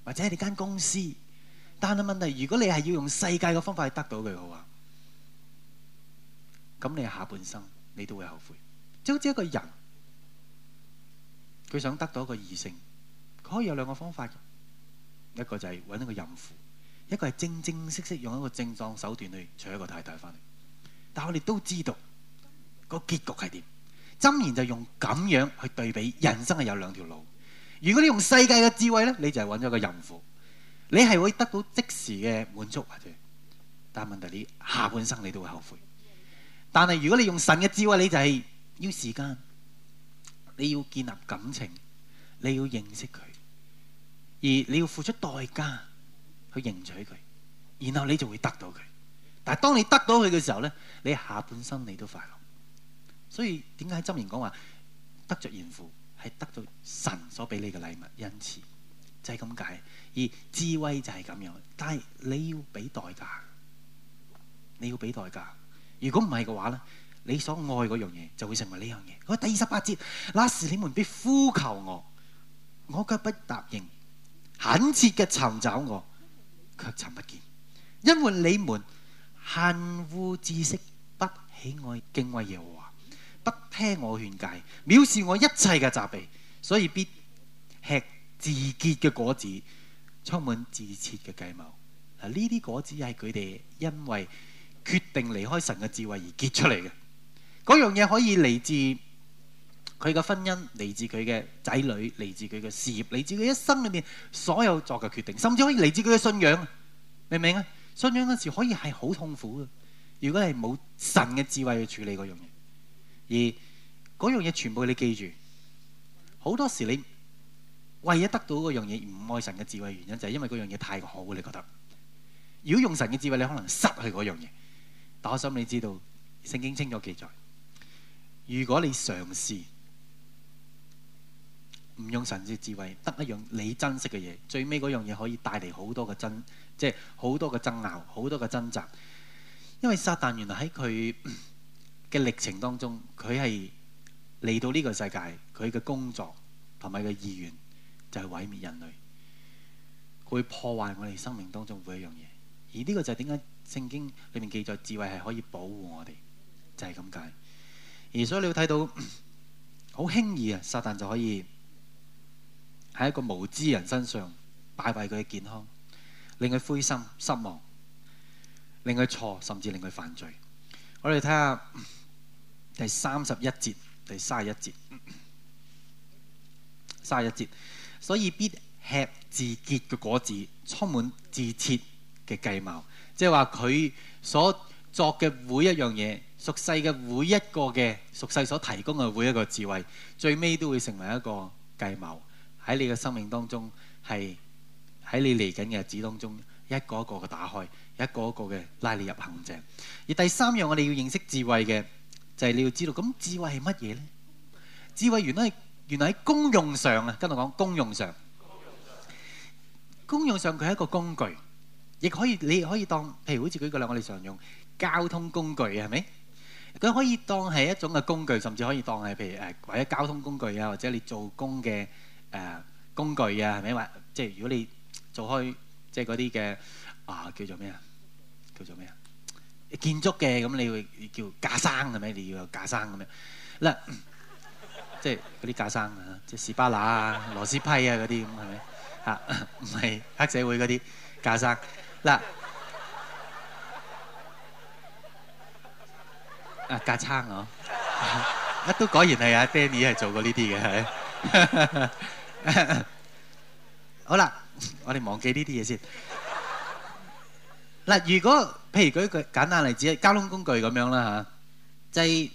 或者你間公司。但係問題，如果你係要用世界嘅方法去得到佢嘅話，咁你下半生你都會後悔。就好似一個人，佢想得到一個異性，佢可以有兩個方法。一個就係揾一個孕婦，一個係正正式式用一個正當手段去娶一個太太翻嚟。但係我哋都知道，個結局係點？箴言就用咁樣去對比，人生係有兩條路。如果你用世界嘅智慧呢，你就係揾咗個淫婦，你係會得到即時嘅滿足或者，但係問題你下半生你都會後悔。但係如果你用神嘅智慧，你就係要時間，你要建立感情，你要認識佢，而你要付出代價去迎娶佢，然後你就會得到佢。但係當你得到佢嘅時候呢，你下半生你都快樂。所以點解喺《箴言》講話得着賢婦係得到神所俾你嘅禮物，因此就係咁解。而智慧就係咁樣，但係你要俾代價，你要俾代價。如果唔係嘅話咧，你所愛嗰樣嘢就會成為呢樣嘢。我第二十八節，那時你們必呼求我，我卻不答應，懇切嘅尋找我，卻尋不見，因為你們恨惡知識，不喜愛敬畏耶和不聽我勸誡，藐視我一切嘅責備，所以必吃自結嘅果子，充滿自設嘅計謀。嗱，呢啲果子係佢哋因為決定離開神嘅智慧而結出嚟嘅。嗰樣嘢可以嚟自佢嘅婚姻，嚟自佢嘅仔女，嚟自佢嘅事業，嚟自佢一生裏面所有作嘅決定，甚至可以嚟自佢嘅信仰。明唔明啊？信仰嗰時可以係好痛苦嘅，如果係冇神嘅智慧去處理嗰樣嘢。而嗰樣嘢全部你記住，好多時你為咗得到嗰樣嘢唔愛神嘅智慧，原因就係、是、因為嗰樣嘢太好，你覺得。如果用神嘅智慧，你可能失去嗰樣嘢。但我想你知道，聖經清楚記載，如果你嘗試唔用神嘅智慧，得一樣你珍惜嘅嘢，最尾嗰樣嘢可以帶嚟好多嘅、就是、爭，即係好多嘅爭拗，好多嘅掙扎。因為撒旦原來喺佢嘅歷程當中，佢係嚟到呢個世界，佢嘅工作同埋佢嘅意願就係毀滅人類，佢會破壞我哋生命當中每一樣嘢。而呢個就係點解聖經裏面記載智慧係可以保護我哋，就係咁解。而所以你會睇到好輕易啊，撒旦就可以喺一個無知人身上敗壞佢嘅健康，令佢灰心失望，令佢錯，甚至令佢犯罪。我哋睇下。第三十一節，第三十一節，三十一節，所以必吃自結嘅果子，充滿自設嘅計謀。即係話佢所作嘅每一樣嘢，熟世嘅每一個嘅熟世所提供嘅每一個智慧，最尾都會成為一個計謀喺你嘅生命當中，係喺你嚟緊嘅日子當中，一個一個嘅打開，一個一個嘅拉你入陷阱。而第三樣，我哋要認識智慧嘅。就係你要知道，咁智慧係乜嘢咧？智慧原來係原來喺功用上啊！跟住講功用上，功用上佢係一個工具，亦可以你可以當，譬如好似舉個例，我哋常用交通工具啊，係咪？佢可以當係一種嘅工具，甚至可以當係譬如誒或者交通工具啊，或者你做工嘅誒工具啊，係咪？或者即係如果你做開即係嗰啲嘅啊叫做咩啊？叫做咩啊？建築嘅，咁你會叫架生係咪？你要有架生咁樣。嗱，即係嗰啲架生啊，即係士巴拿啊、螺絲批啊嗰啲咁係咪？嚇唔係黑社會嗰啲架生，嗱啊，架撐哦，乜都果然係阿 Danny 係做過呢啲嘅係。好啦，我哋忘記呢啲嘢先。嗱，如果譬如舉一個簡單例子，交通工具咁樣啦吓，就係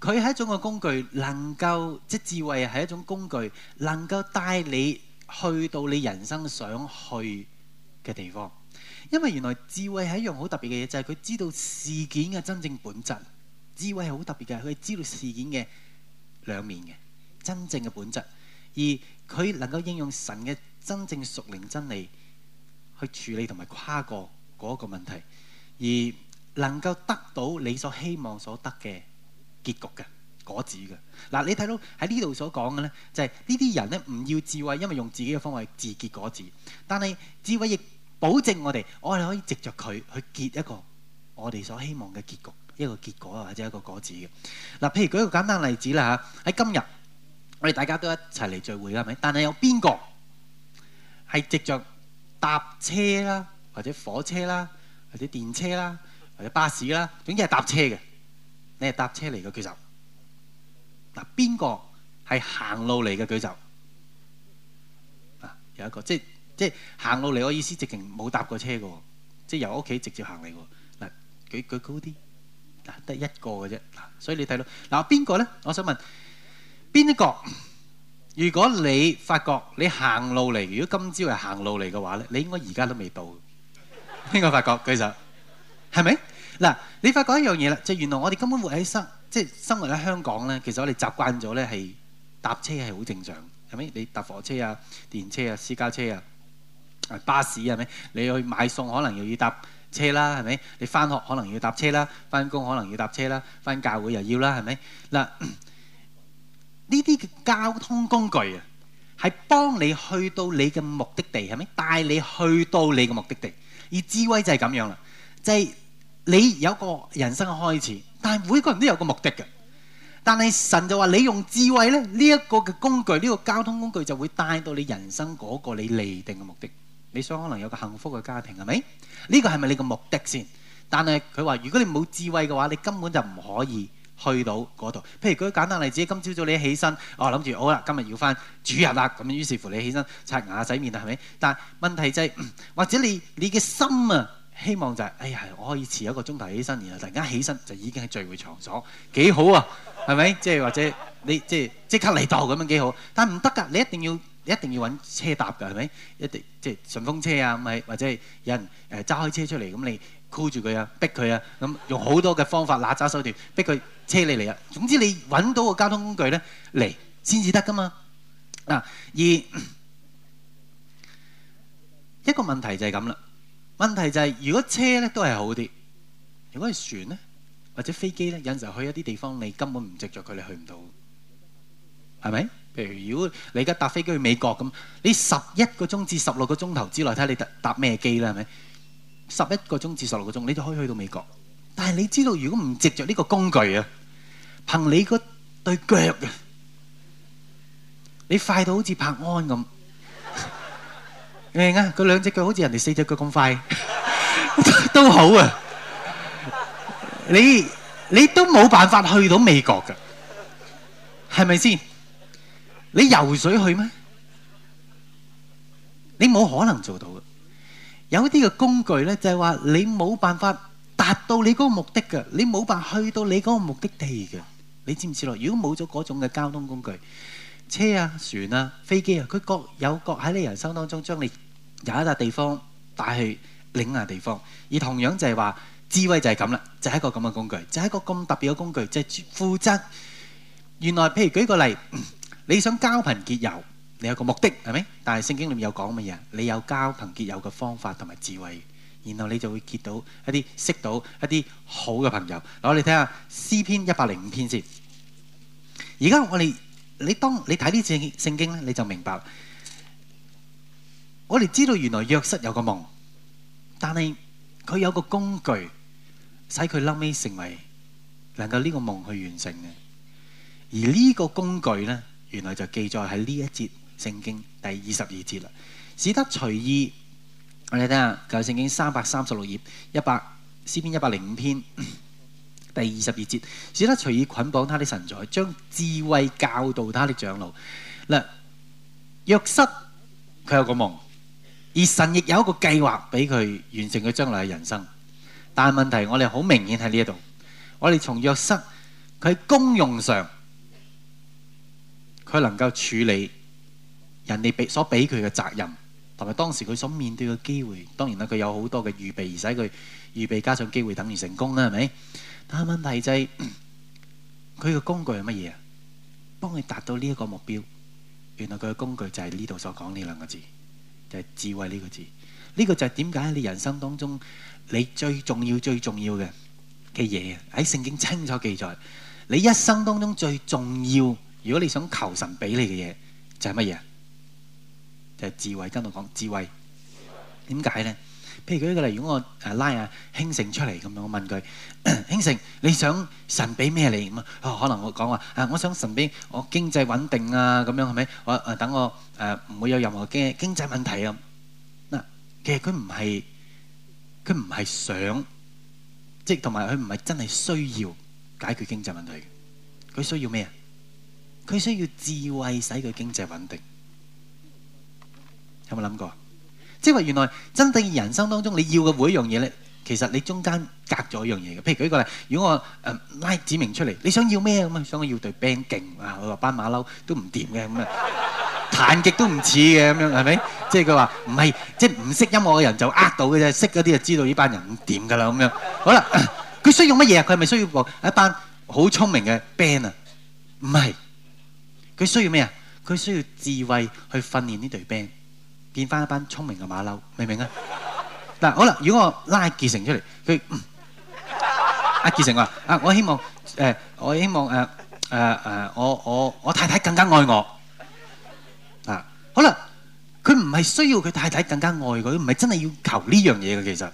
佢係一種嘅工具，能夠即智慧係一種工具能夠帶你去到你人生想去嘅地方。因為原來智慧係一樣好特別嘅嘢，就係佢知道事件嘅真正本質，智慧係好特別嘅，佢係知道事件嘅兩面嘅真正嘅本質，而佢能夠應用神嘅。真正熟靈真理去處理同埋跨過嗰一個問題，而能夠得到你所希望所得嘅結局嘅果子嘅嗱，你睇到喺呢度所講嘅呢，就係呢啲人呢唔要智慧，因為用自己嘅方法去自結果子。但係智慧亦保證我哋，我哋可以藉着佢去結一個我哋所希望嘅結局，一個結果或者一個果子嘅嗱。譬如舉一個簡單的例子啦嚇，喺今日我哋大家都一齊嚟聚會嘅，係咪？但係有邊個？係直着搭車啦，或者火車啦，或者電車啦，或者巴士啦，總之係搭車嘅。你係搭車嚟嘅舉手。嗱，邊個係行路嚟嘅舉手？啊，有一個，即即行路嚟。我意思直情冇搭過車嘅，即由屋企直接行嚟嘅。嗱，舉舉高啲。嗱，啊，得一個嘅啫。嗱，所以你睇到嗱邊個咧？我想問邊一個？如果你發覺你行路嚟，如果今朝係行路嚟嘅話咧，你應該而家都未到。邊個發覺？舉手，係咪？嗱，你發覺一樣嘢啦，即係原來我哋根本活喺生，即係生活喺香港咧，其實我哋習慣咗咧係搭車係好正常，係咪？你搭火車啊、電車啊、私家車啊、巴士係咪？你去買餸可能又要搭車啦，係咪？你返學可能要搭車啦，返工可能要搭車啦，返教會又要啦，係咪？嗱。呢啲嘅交通工具啊，係幫你去到你嘅目的地，係咪？帶你去到你嘅目的地，而智慧就係咁樣啦。就係你有個人生嘅開始，但係每個人都有個目的嘅。但係神就話你用智慧咧，呢一個嘅工具，呢個交通工具就會帶到你人生嗰個你擬定嘅目的。你想可能有個幸福嘅家庭，係咪？呢個係咪你嘅目的先？但係佢話如果你冇智慧嘅話，你根本就唔可以。去到嗰度，譬如舉個簡單例子，今朝早你起身，我諗住好啦，今日要翻主日啦，咁於是乎你起身刷牙洗面啊，係咪？但問題就係、是，或者你你嘅心啊，希望就係、是，哎呀，我可以遲一個鐘頭起身，然後突然間起身就已經係聚會場所，幾好啊，係咪？即係、 就是、或者你即係即刻嚟到咁樣幾好，但唔得㗎，你一定要你一定要揾車搭㗎，係咪？一定即係順風車啊，咪或者係有人誒揸、呃、開車出嚟咁你。箍住佢啊，逼佢啊，咁用好多嘅方法、拿揸手段，逼佢車你嚟啊！總之你揾到個交通工具咧嚟先至得噶嘛。嗱、啊，而一個問題就係咁啦。問題就係、是、如果車咧都係好啲，如果係船咧或者飛機咧，有陣時候去一啲地方你根本唔藉着佢，你去唔到，係咪？譬如如果你而家搭飛機去美國咁，你十一個鐘至十六個鐘頭之內，睇下你搭搭咩機啦，係咪？十一個鐘至十六個鐘，你就可以去到美國。但係你知道，如果唔藉著呢個工具啊，憑你嗰對腳啊，你快到好似拍安咁，明啊？佢兩隻腳好似人哋四隻腳咁快，都好啊！你你都冇辦法去到美國㗎，係咪先？你游水去咩？你冇可能做到嘅。有啲嘅工具呢，就係話你冇辦法達到你嗰個目的嘅，你冇辦法去到你嗰個目的地嘅。你知唔知咯？如果冇咗嗰種嘅交通工具，車啊、船啊、飛機啊，佢各有各喺你人生當中將你有一笪地方帶去另一笪地方。而同樣就係話智慧就係咁啦，就係一個咁嘅工具，就係一個咁特別嘅工具，就係負責。原來譬如舉個例，你想交朋結友。你有個目的係咪？但係聖經裏面有講乜嘢？你有交朋結友嘅方法同埋智慧，然後你就會結到一啲識到一啲好嘅朋友。嗱，我哋睇下詩篇一百零五篇先。而家我哋你當你睇呢次聖經咧，你就明白。我哋知道原來約瑟有個夢，但係佢有個工具，使佢後尾成為能夠呢個夢去完成嘅。而呢個工具咧，原來就記載喺呢一節。聖經第二十二節啦，使得隨意，我哋睇下舊聖經三百三十六頁一百詩篇一百零五篇第二十二節，使得隨意捆綁他的神在，將智慧教導他的長老。嗱，約瑟，佢有個夢，而神亦有一個計劃俾佢完成佢將來嘅人生。但係問題我在這裏，我哋好明顯喺呢一度，我哋從約瑟，佢功用上，佢能夠處理。人哋俾所俾佢嘅責任，同埋當時佢所面對嘅機會，當然啦，佢有好多嘅預備，而使佢預備加上機會等於成功啦，係咪？但係問題就係佢嘅工具係乜嘢啊？幫佢達到呢一個目標，原來佢嘅工具就係呢度所講呢兩個字，就係智慧呢個字。呢個就係點解你人生當中你最重要最重要嘅嘅嘢啊！喺聖經清楚記載，你一生當中最重要，如果你想求神俾你嘅嘢，就係乜嘢？就智慧跟度講智慧，點解咧？譬如舉一個例，如果我誒拉啊興盛出嚟咁樣，我問佢：興盛，你想神俾咩你咁啊？可能我講話啊，我想神俾我經濟穩定啊，咁樣係咪？我誒等我誒唔會有任何嘅經濟問題啊？嗱，其實佢唔係佢唔係想，即係同埋佢唔係真係需要解決經濟問題。佢需要咩啊？佢需要智慧使佢經濟穩定。有冇諗過？即係話原來真正人生當中你要嘅每一樣嘢咧，其實你中間隔咗一樣嘢嘅。譬如舉、這個例，如果我誒拉子明出嚟，你想要咩咁啊？想要隊 band 勁啊？佢話班馬騮都唔掂嘅咁啊，彈極都唔似嘅咁樣係咪？即係佢話唔係，即係唔識音樂嘅人就呃到嘅啫，識嗰啲就知道呢班人唔掂㗎啦咁樣。好啦，佢、呃、需要乜嘢？佢係咪需要一班好聰明嘅 band 啊？唔係，佢需要咩啊？佢需要智慧去訓練呢隊 band。變翻一班聰明嘅馬騮，明唔明啊？嗱，好啦，如果我拉阿傑誠出嚟，佢阿傑誠話：啊，我希望誒，我希望誒誒誒，我我我太太更加愛我啊！好啦，佢唔係需要佢太太更加愛佢，唔係真係要求呢樣嘢嘅，其實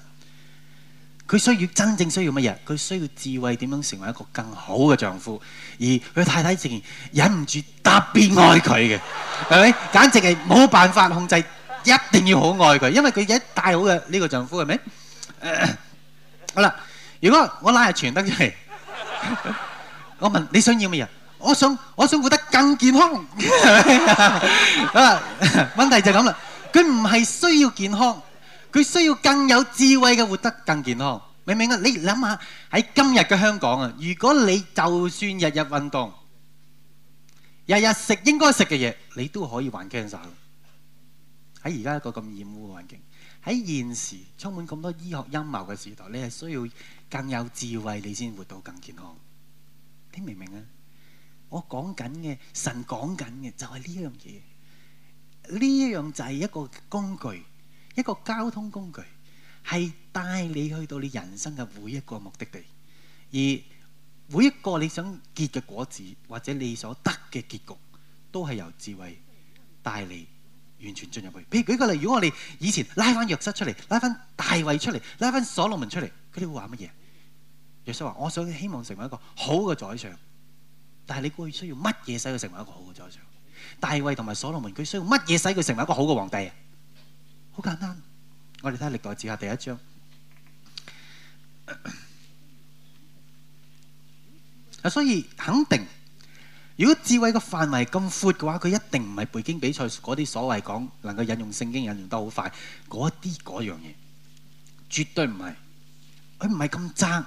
佢需要真正需要乜嘢？佢需要智慧點樣成為一個更好嘅丈夫，而佢太太自然忍唔住特別愛佢嘅，係咪？簡直係冇辦法控制。一定要好愛佢，因為佢一大好嘅呢個丈夫係咪？好啦，如果我拉佢傳得出嚟，我問你想要乜嘢？我想我想活得更健康。啊，問題就係咁啦。佢唔係需要健康，佢需要更有智慧嘅活得更健康。明唔明啊？你諗下喺今日嘅香港啊，如果你就算日日運動，日日食應該食嘅嘢，你都可以患 cancer。喺而家一個咁染污嘅環境，喺現時充滿咁多醫學陰謀嘅時代，你係需要更有智慧，你先活到更健康。聽明唔明啊？我講緊嘅，神講緊嘅，這個、就係呢樣嘢。呢一樣就係一個工具，一個交通工具，係帶你去到你人生嘅每一個目的地，而每一個你想結嘅果子，或者你所得嘅結局，都係由智慧帶你。完全進入去。譬如舉個例，如果我哋以前拉翻約瑟出嚟，拉翻大衛出嚟，拉翻所羅門出嚟，佢哋會話乜嘢？約瑟話：我想希望成為一個好嘅宰相。但係你過去需要乜嘢使佢成為一個好嘅宰相？大衛同埋所羅門佢需要乜嘢使佢成為一個好嘅皇帝？好簡單，我哋睇下歷代志下第一章。嗱，所以肯定。如果智慧嘅範圍咁闊嘅話，佢一定唔係背經比賽嗰啲所謂講能夠引用聖經引用得好快嗰啲嗰樣嘢，絕對唔係。佢唔係咁爭。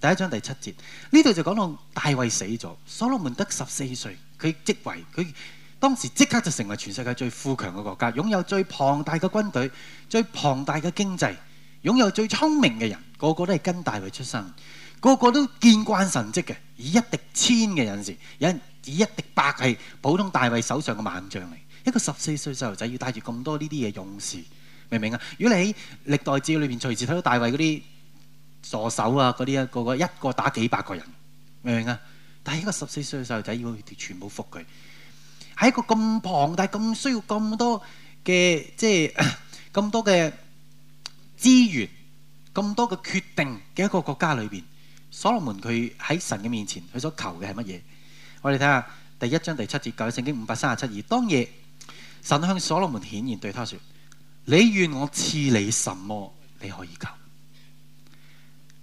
第一章第七節呢度就講到大衛死咗，所羅門德十四歲，佢即為佢當時即刻就成為全世界最富強嘅國家，擁有最龐大嘅軍隊、最龐大嘅經濟，擁有最聰明嘅人，個個都係跟大衛出生，個個都見慣神蹟嘅，以一敵千嘅勇士，有人以一敵百係普通大衛手上嘅猛將嚟。一個十四歲細路仔要帶住咁多呢啲嘢勇士，明唔明啊？如果你喺歷代志裏邊隨時睇到大衛嗰啲助手啊，嗰啲啊，個個一個打幾百個人，明唔明啊？但係一個十四歲嘅細路仔要全部服佢，喺一個咁龐大、咁需要咁多嘅，即係咁多嘅資源，咁多嘅決定嘅一個國家裏邊。所羅門佢喺神嘅面前，佢所求嘅係乜嘢？我哋睇下第一章第七節，舊嘅聖經五百三十七二。2, 當夜，神向所羅門顯現對他說：你願我賜你什麼，你可以求。呢、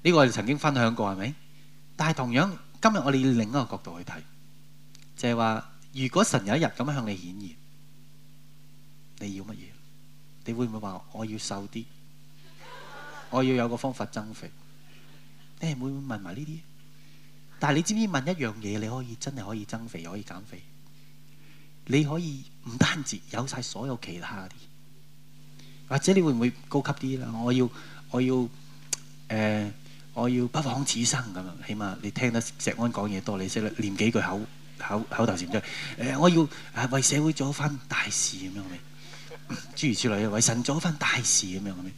這個我哋曾經分享過係咪？但係同樣今日我哋要另一個角度去睇，就係、是、話如果神有一日咁樣向你顯現，你要乜嘢？你會唔會話我要瘦啲？我要有個方法增肥？你會唔會問埋呢啲？但係你知唔知問一樣嘢，你可以真係可以增肥又可以減肥？你可以唔單止有晒所有其他啲，或者你會唔會高級啲啦？我要我要誒、呃，我要不枉此生咁樣！起碼你聽得石安講嘢多，你識得唸幾句口口口頭禪出嚟。誒、呃，我要係為社會做返大事咁樣，係咪？諸如此類，為神做返大事咁樣，係咪？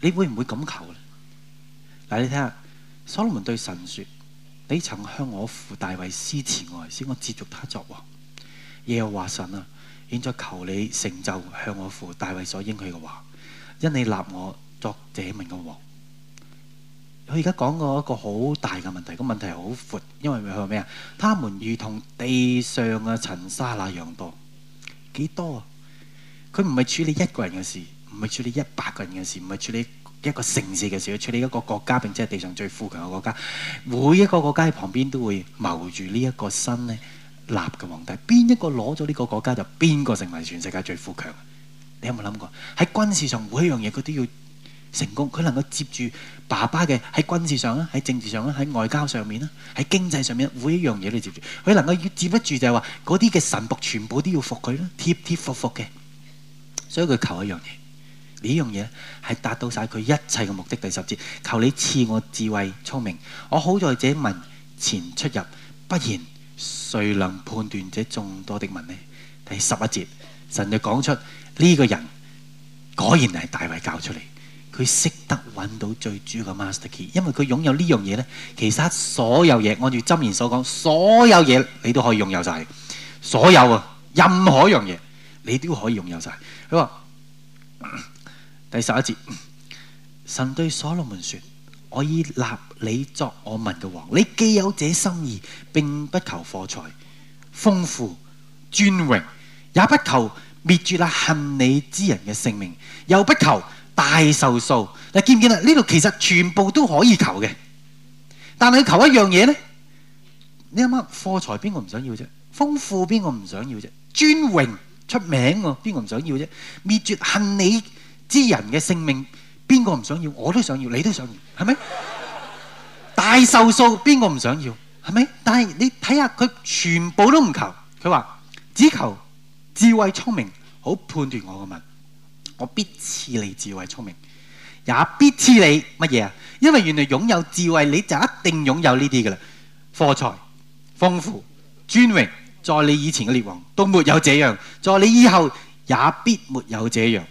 你會唔會咁求咧？嗱，你聽下，所羅門對神說：你曾向我父大衛施慈愛，使我接續他作王。耶和華神啊，現在求你成就向我父大衛所應許嘅話，因你立我作這民嘅王。佢而家講過一個好大嘅問題，個問題好闊，因為佢話咩啊？他們如同地上嘅塵沙那樣多，幾多啊？佢唔係處理一個人嘅事，唔係處理一百個人嘅事，唔係處理，一個城市嘅時候，處理一個國家，並且係地上最富強嘅國家。每一個國家喺旁邊都會謀住呢一個新咧立嘅皇帝。邊一個攞咗呢個國家就邊個成為全世界最富強。你有冇諗過喺軍事上每一樣嘢佢都要成功。佢能夠接住爸爸嘅喺軍事上啦，喺政治上啦，喺外交上面啦，喺經濟上面，每一樣嘢都接住。佢能夠接得住就係話嗰啲嘅臣僕全部都要服佢啦，貼貼服服嘅。所以佢求一樣嘢。呢樣嘢係達到晒佢一切嘅目的。第十節，求你賜我智慧聰明。我好在這文前出入，不然誰能判斷這眾多的文呢？第十一節，神就講出呢、這個人果然係大衛教出嚟。佢識得揾到最主要嘅 master key，因為佢擁有呢樣嘢呢，其實所有嘢，按照箴言所講，所有嘢你都可以擁有晒，所有啊，任何樣嘢你都可以擁有晒。佢話。第十一節，神對所羅門說：我已立你作我民嘅王。你既有這心意，並不求貨財、豐富、尊榮，也不求滅絕那恨你之人嘅性命，又不求大壽數。嗱，見唔見啊？呢度其實全部都可以求嘅，但係你求一樣嘢呢？你諗下貨財邊個唔想要啫？豐富邊個唔想要啫？尊榮出名邊個唔想要啫？滅絕恨你？知人嘅性命，邊個唔想要？我都想要，你都想要，係咪？ 大壽數，邊個唔想要？係咪？但係你睇下佢全部都唔求，佢話只求智慧聰明，好判斷我嘅問。我必賜你智慧聰明，也必賜你乜嘢啊？因為原來擁有智慧你就一定擁有呢啲嘅啦，貨財、豐富、尊榮，在你以前嘅列王都沒有這樣，在你以後也必沒有這樣。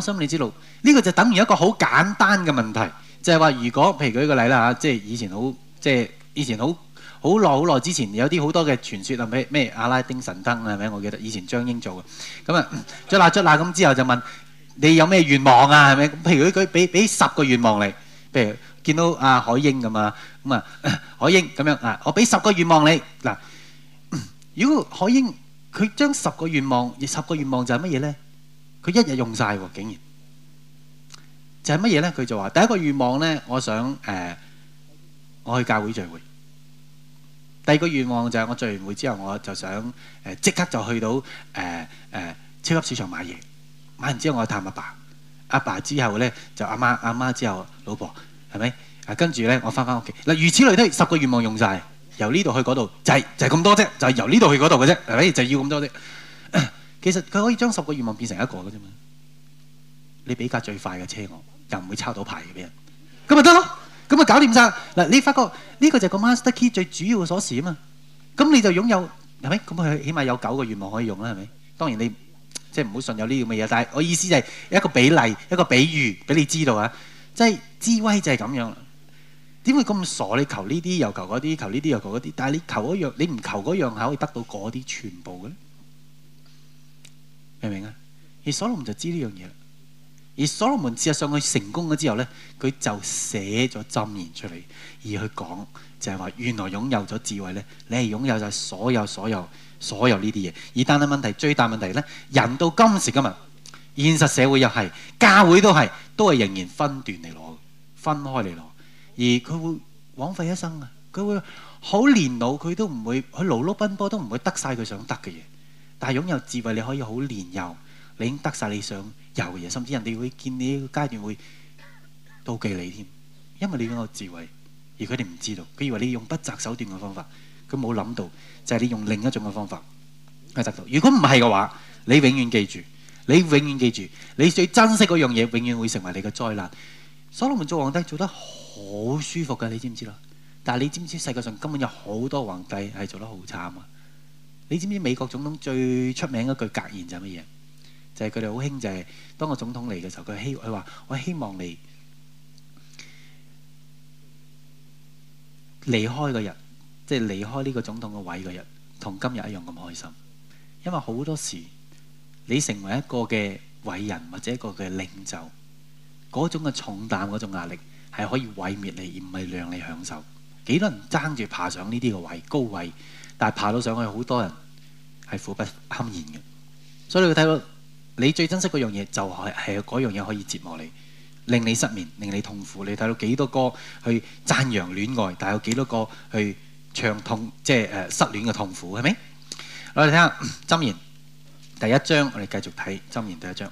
心理之路呢個就等於一個好簡單嘅問題，就係、是、話如果譬如舉個例啦嚇，即係以前好，即係以前好好耐好耐之前有啲好多嘅傳説啊，咩咩阿拉丁神燈係咪？我記得以前張瑛做嘅，咁啊捽下捽下咁之後就問你有咩願望啊？係咪譬如舉舉俾俾十個願望嚟，譬如見到阿、啊、海英咁啊，咁、嗯、啊海英咁樣啊，我俾十個願望你嗱、嗯，如果海英佢將十個願望，十個願望就係乜嘢呢？佢一日用晒喎，竟然就係乜嘢咧？佢就話：第一個願望咧，我想誒、呃、我去教會聚會；第二個願望就係我聚完會之後，我就想誒即、呃、刻就去到誒誒、呃呃、超級市場買嘢。買完之後我去探阿爸，爸，阿爸，爸之後咧就阿媽，阿媽之後老婆，係咪？啊跟住咧我返返屋企嗱，如此類推，十個願望用晒，由呢度去嗰度，就係就係咁多啫，就係由呢度去嗰度嘅啫，係咪？就係就係、要咁多啫。 其實佢可以將十個願望變成一個嘅啫嘛！你俾架最快嘅車我又唔會抄到牌嘅俾人，咁咪得咯？咁咪搞掂晒。嗱！你發覺呢、這個就係個 master key 最主要嘅鎖匙啊嘛！咁你就擁有係咪？咁佢起碼有九個願望可以用啦，係咪？當然你即係唔好信有呢啲咁嘅嘢，但係我意思就係、是、一個比例，有一個比喻俾你知道啊！即、就、係、是、智慧就係咁樣，點會咁傻？你求呢啲又求嗰啲，求呢啲又求嗰啲，但係你求一樣，你唔求嗰樣，可以得到嗰啲全部嘅咧？明唔明啊？而所羅門就知呢樣嘢啦。而所羅門事實上佢成功咗之後咧，佢就寫咗箴言出嚟，而去講就係、是、話：原來擁有咗智慧咧，你係擁有咗所有、所有、所有呢啲嘢。而但係問題最大問題咧，人到今時今日，現實社會又係，教會都係，都係仍然分段嚟攞，分開嚟攞。而佢會枉費一生啊！佢會好年老，佢都唔會，佢勞碌奔波都唔會得晒佢想得嘅嘢。但係擁有智慧，你可以好年幼，你已經得晒你想有嘅嘢，甚至人哋會見你呢個階段會妒忌你添，因為你擁有智慧，而佢哋唔知道，佢以為你用不擇手段嘅方法，佢冇諗到就係你用另一種嘅方法去達到。如果唔係嘅話，你永遠記住，你永遠記住，你最珍惜嗰樣嘢，永遠會成為你嘅災難。所羅門做皇帝做得好舒服㗎，你知唔知咯？但係你知唔知世界上根本有好多皇帝係做得好慘啊？你知唔知美國總統最出名嗰一句格言就係乜嘢？就係佢哋好興，就係當個總統嚟嘅時候，佢希佢話，我希望你離開嘅日，即係離開呢個總統嘅位嘅日，同今日一樣咁開心。因為好多時你成為一個嘅偉人或者一個嘅領袖，嗰種嘅重擔、嗰種壓力係可以毀滅你，而唔係讓你享受。幾多人爭住爬上呢啲嘅位、高位，但係爬到上去好多人。係苦不堪言嘅，所以你睇到你最珍惜嗰樣嘢就係係嗰樣嘢可以折磨你，令你失眠，令你痛苦。你睇到幾多歌去讚揚戀愛，但有幾多個去唱痛，即係失戀嘅痛苦，係咪？我哋睇下《箴言》第一章，我哋繼續睇《箴言》第一章。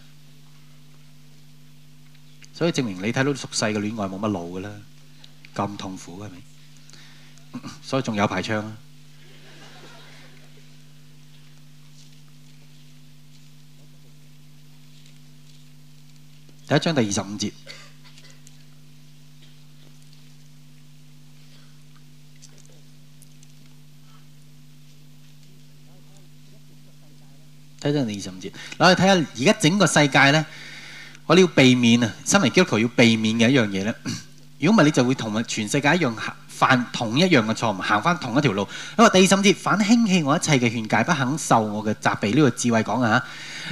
所以證明你睇到俗世嘅戀愛冇乜路嘅啦，咁痛苦係咪？所以仲有排唱啊！第一章第二十五節，第一章第二十五節，嗱，我哋睇下而家整個世界咧，我哋要避免啊，身為基督徒要避免嘅一樣嘢咧，如果唔係你就會同埋全世界一樣行。犯同一樣嘅錯誤，行翻同一條路。因為第二甚至反輕棄我一切嘅勸戒，不肯受我嘅責備。呢、這個智慧講啊，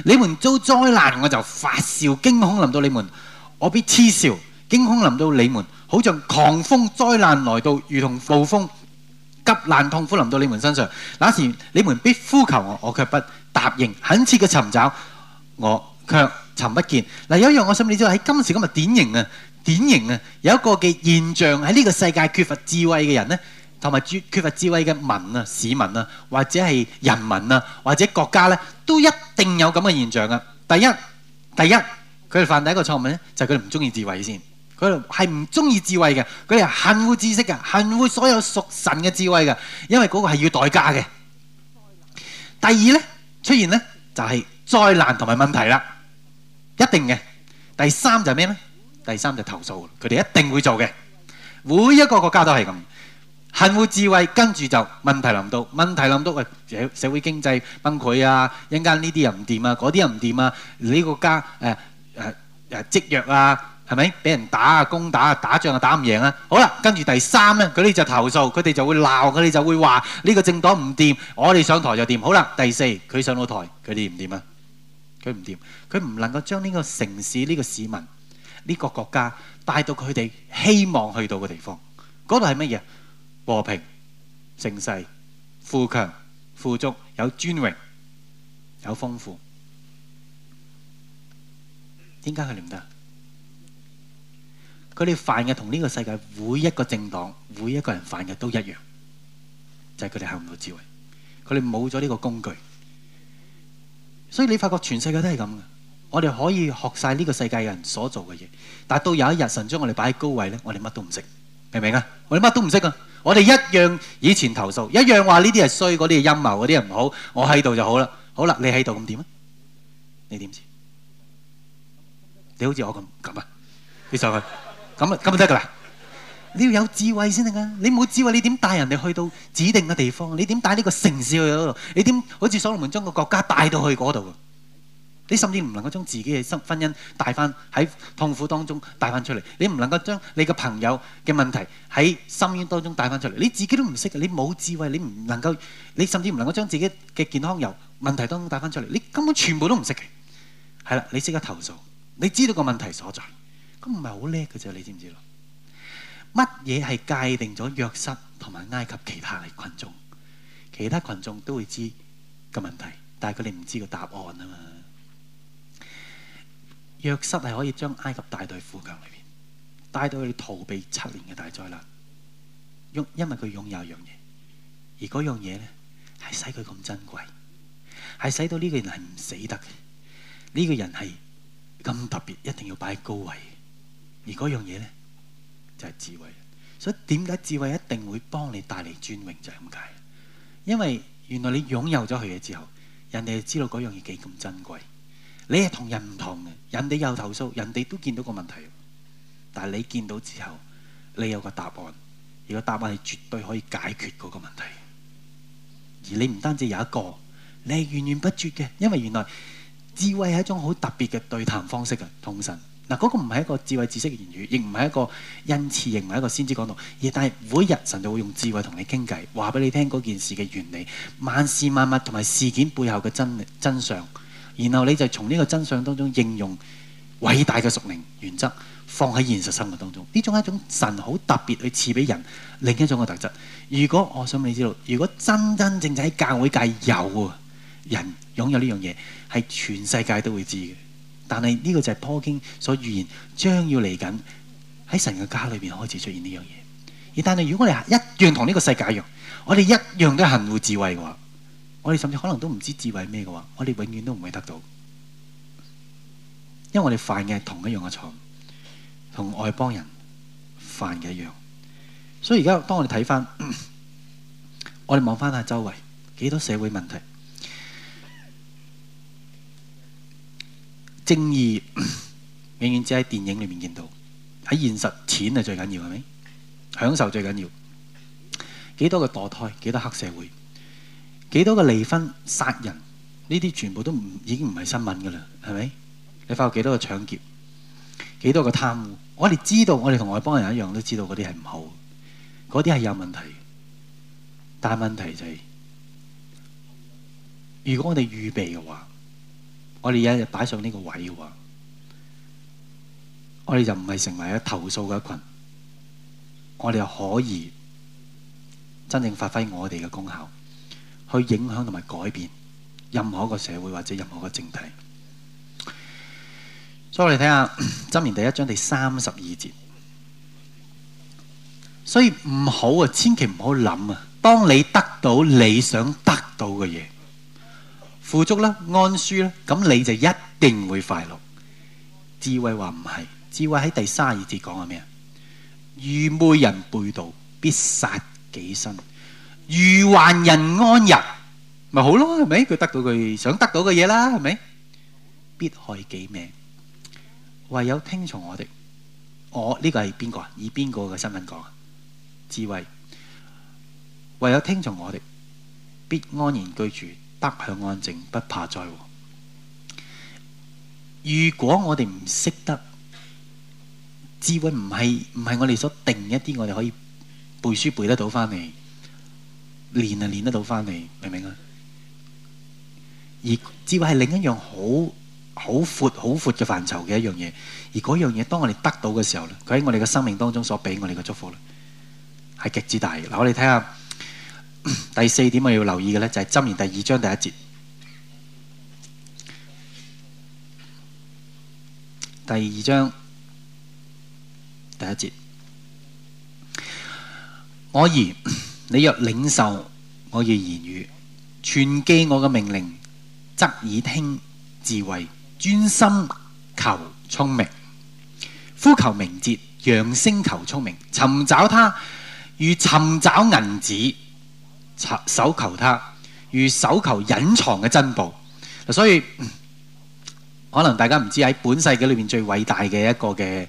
你們遭災難，我就發笑驚恐臨到你們；我必嗤笑驚恐臨到你們，好像狂風災難來到，如同暴風急難痛苦臨到你們身上。那時你們必呼求我，我卻不答應；懇切嘅尋找我，卻尋不見。嗱，有一樣我想你知喺今時今日典型啊！典型啊！有一個嘅現象喺呢個世界，缺乏智慧嘅人呢，同埋缺乏智慧嘅民啊、市民啊，或者係人民啊，或者國家呢，都一定有咁嘅現象嘅。第一，第一，佢哋犯第一個錯誤呢，就係佢哋唔中意智慧先，佢哋係唔中意智慧嘅，佢哋係恨惡知識嘅，恨惡所有屬神嘅智慧嘅，因為嗰個係要代價嘅。第二呢，出現呢，就係災難同埋問題啦，一定嘅。第三就係咩呢？第三就投訴，佢哋一定會做嘅，每一個國家都係咁。恆護智慧，跟住就問題臨到，問題臨到，誒社會經濟崩潰啊！一間呢啲又唔掂啊，嗰啲又唔掂啊！呢個家誒誒誒積弱啊，係咪俾人打啊？攻打打仗又打唔贏啊！好啦，跟住第三咧，佢哋就投訴，佢哋就會鬧，佢哋就會話呢個政黨唔掂，我哋上台就掂。好啦，第四佢上到台，佢哋唔掂啊，佢唔掂，佢唔能夠將呢個城市呢個市民。呢個國家帶到佢哋希望去到嘅地方，嗰度係乜嘢？和平、盛世、富強、富足、有尊榮、有豐富，點解佢哋唔得？佢哋犯嘅同呢個世界每一個政黨、每一個人犯嘅都一樣，就係佢哋行唔到智慧，佢哋冇咗呢個工具，所以你發覺全世界都係咁嘅。我哋可以學晒呢個世界嘅人所做嘅嘢，但到有一日神將我哋擺喺高位咧，我哋乜都唔識，明唔明啊？我哋乜都唔識啊！我哋一樣以前投訴，一樣話呢啲係衰，嗰啲係陰謀，嗰啲人唔好。我喺度就好啦，好啦，你喺度咁點啊？你點知？你好似我咁咁啊？你上去咁啊咁啊得噶啦！你要有智慧先得噶，你冇智慧你點帶人哋去到指定嘅地方？你點帶呢個城市去嗰度？你點好似所羅門將個國，國家帶到去嗰度？你甚至唔能夠將自己嘅生婚姻帶翻喺痛苦當中帶翻出嚟，你唔能夠將你嘅朋友嘅問題喺深淵當中帶翻出嚟，你自己都唔識，你冇智慧，你唔能夠，你甚至唔能夠將自己嘅健康由問題當中帶翻出嚟，你根本全部都唔識嘅。係啦，你識得投訴，你知道個問題所在，佢唔係好叻嘅啫，你知唔知咯？乜嘢係界定咗約瑟同埋埃及其他羣眾？其他羣眾都會知個問題，但係佢哋唔知個答案啊嘛。約瑟係可以將埃及帶到富強裏邊，帶到去逃避七年嘅大災難，擁因為佢擁有一樣嘢，而嗰樣嘢咧係使佢咁珍貴，係使到呢個人係唔死得嘅，呢、這個人係咁特別，一定要擺喺高位。而嗰樣嘢咧就係、是、智慧，所以點解智慧一定會幫你帶嚟尊榮就係咁解，因為原來你擁有咗佢嘅之後，人哋就知道嗰樣嘢幾咁珍貴。你係同人唔同嘅，人哋又投訴，人哋都見到個問題，但係你見到之後，你有個答案，而個答案係絕對可以解決嗰個問題。而你唔單止有一個，你係源源不絕嘅，因為原來智慧係一種好特別嘅對談方式啊，同神嗱嗰個唔係一個智慧知識嘅言語，亦唔係一個恩慈，亦唔係一個先知講道，而但係每日神就會用智慧同你傾偈，話俾你聽嗰件事嘅原理、萬事萬物同埋事件背後嘅真真相。然後你就從呢個真相當中應用偉大嘅屬靈原則，放喺現實生活當中。呢種係一種神好特別去賜俾人另一種嘅特質。如果我想你知道，如果真真正正喺教會界有啊人擁有呢樣嘢，係全世界都會知嘅。但係呢個就係《坡經》所預言將要嚟緊喺神嘅家裏面開始出現呢樣嘢。但係如果你一樣同呢個世界一樣，我哋一樣都恆護智慧嘅話。我哋甚至可能都唔知道智慧咩嘅話，我哋永遠都唔會得到，因為我哋犯嘅係同一樣嘅錯誤，同外邦人犯嘅一樣。所以而家當我哋睇返，我哋望返下周圍幾多社會問題，正義永遠只喺電影裏面見到，喺現實錢係最緊要，係咪？享受最緊要。幾多個墮胎，幾多黑社會。幾多個離婚、殺人，呢啲全部都唔已經唔係新聞㗎喇，係咪？你發覺幾多個搶劫，幾多個貪污？我哋知道，我哋同外邦人一樣都知道嗰啲係唔好嘅，嗰啲係有問題嘅。但係問題就係、是，如果我哋預備嘅話，我哋一日擺上呢個位嘅話，我哋就唔係成為一投訴嘅一群，我哋就可以真正發揮我哋嘅功效。去影響同埋改變任何一個社會或者任何一個政體，所以我哋睇下《箴言》第一章第三十二節。所以唔好啊，千祈唔好諗啊。當你得到你想得到嘅嘢，富足啦、安舒啦，咁你就一定會快樂。智慧話唔係，智慧喺第三十二節講係咩啊？愚昧人背道，必殺己身。如患人安逸，咪好咯，係咪？佢得到佢想得到嘅嘢啦，係咪？必害己命，唯有聽從我哋。我呢、這個係邊個啊？以邊個嘅身份講啊？智慧，唯有聽從我哋，必安然居住，得享安靜，不怕災禍。如果我哋唔識得智慧，唔係唔係我哋所定一啲，我哋可以背書背得到翻嚟。練就練得到翻嚟，明唔明啊？而智慧係另一樣好好闊、好闊嘅範疇嘅一樣嘢。而嗰樣嘢當我哋得到嘅時候咧，佢喺我哋嘅生命當中所俾我哋嘅祝福咧，係極之大嘅。嗱，我哋睇下第四點我要留意嘅咧，就係《箴言》第二章第一節。第二章第一節，我而……你若領受我嘅言語，傳記我嘅命令，則以聽智慧，專心求聰明，呼求名節，揚聲求聰明，尋找他如尋找銀子，手求他如手求隱藏嘅珍寶。所以、嗯、可能大家唔知喺本世紀裏面最偉大嘅一個嘅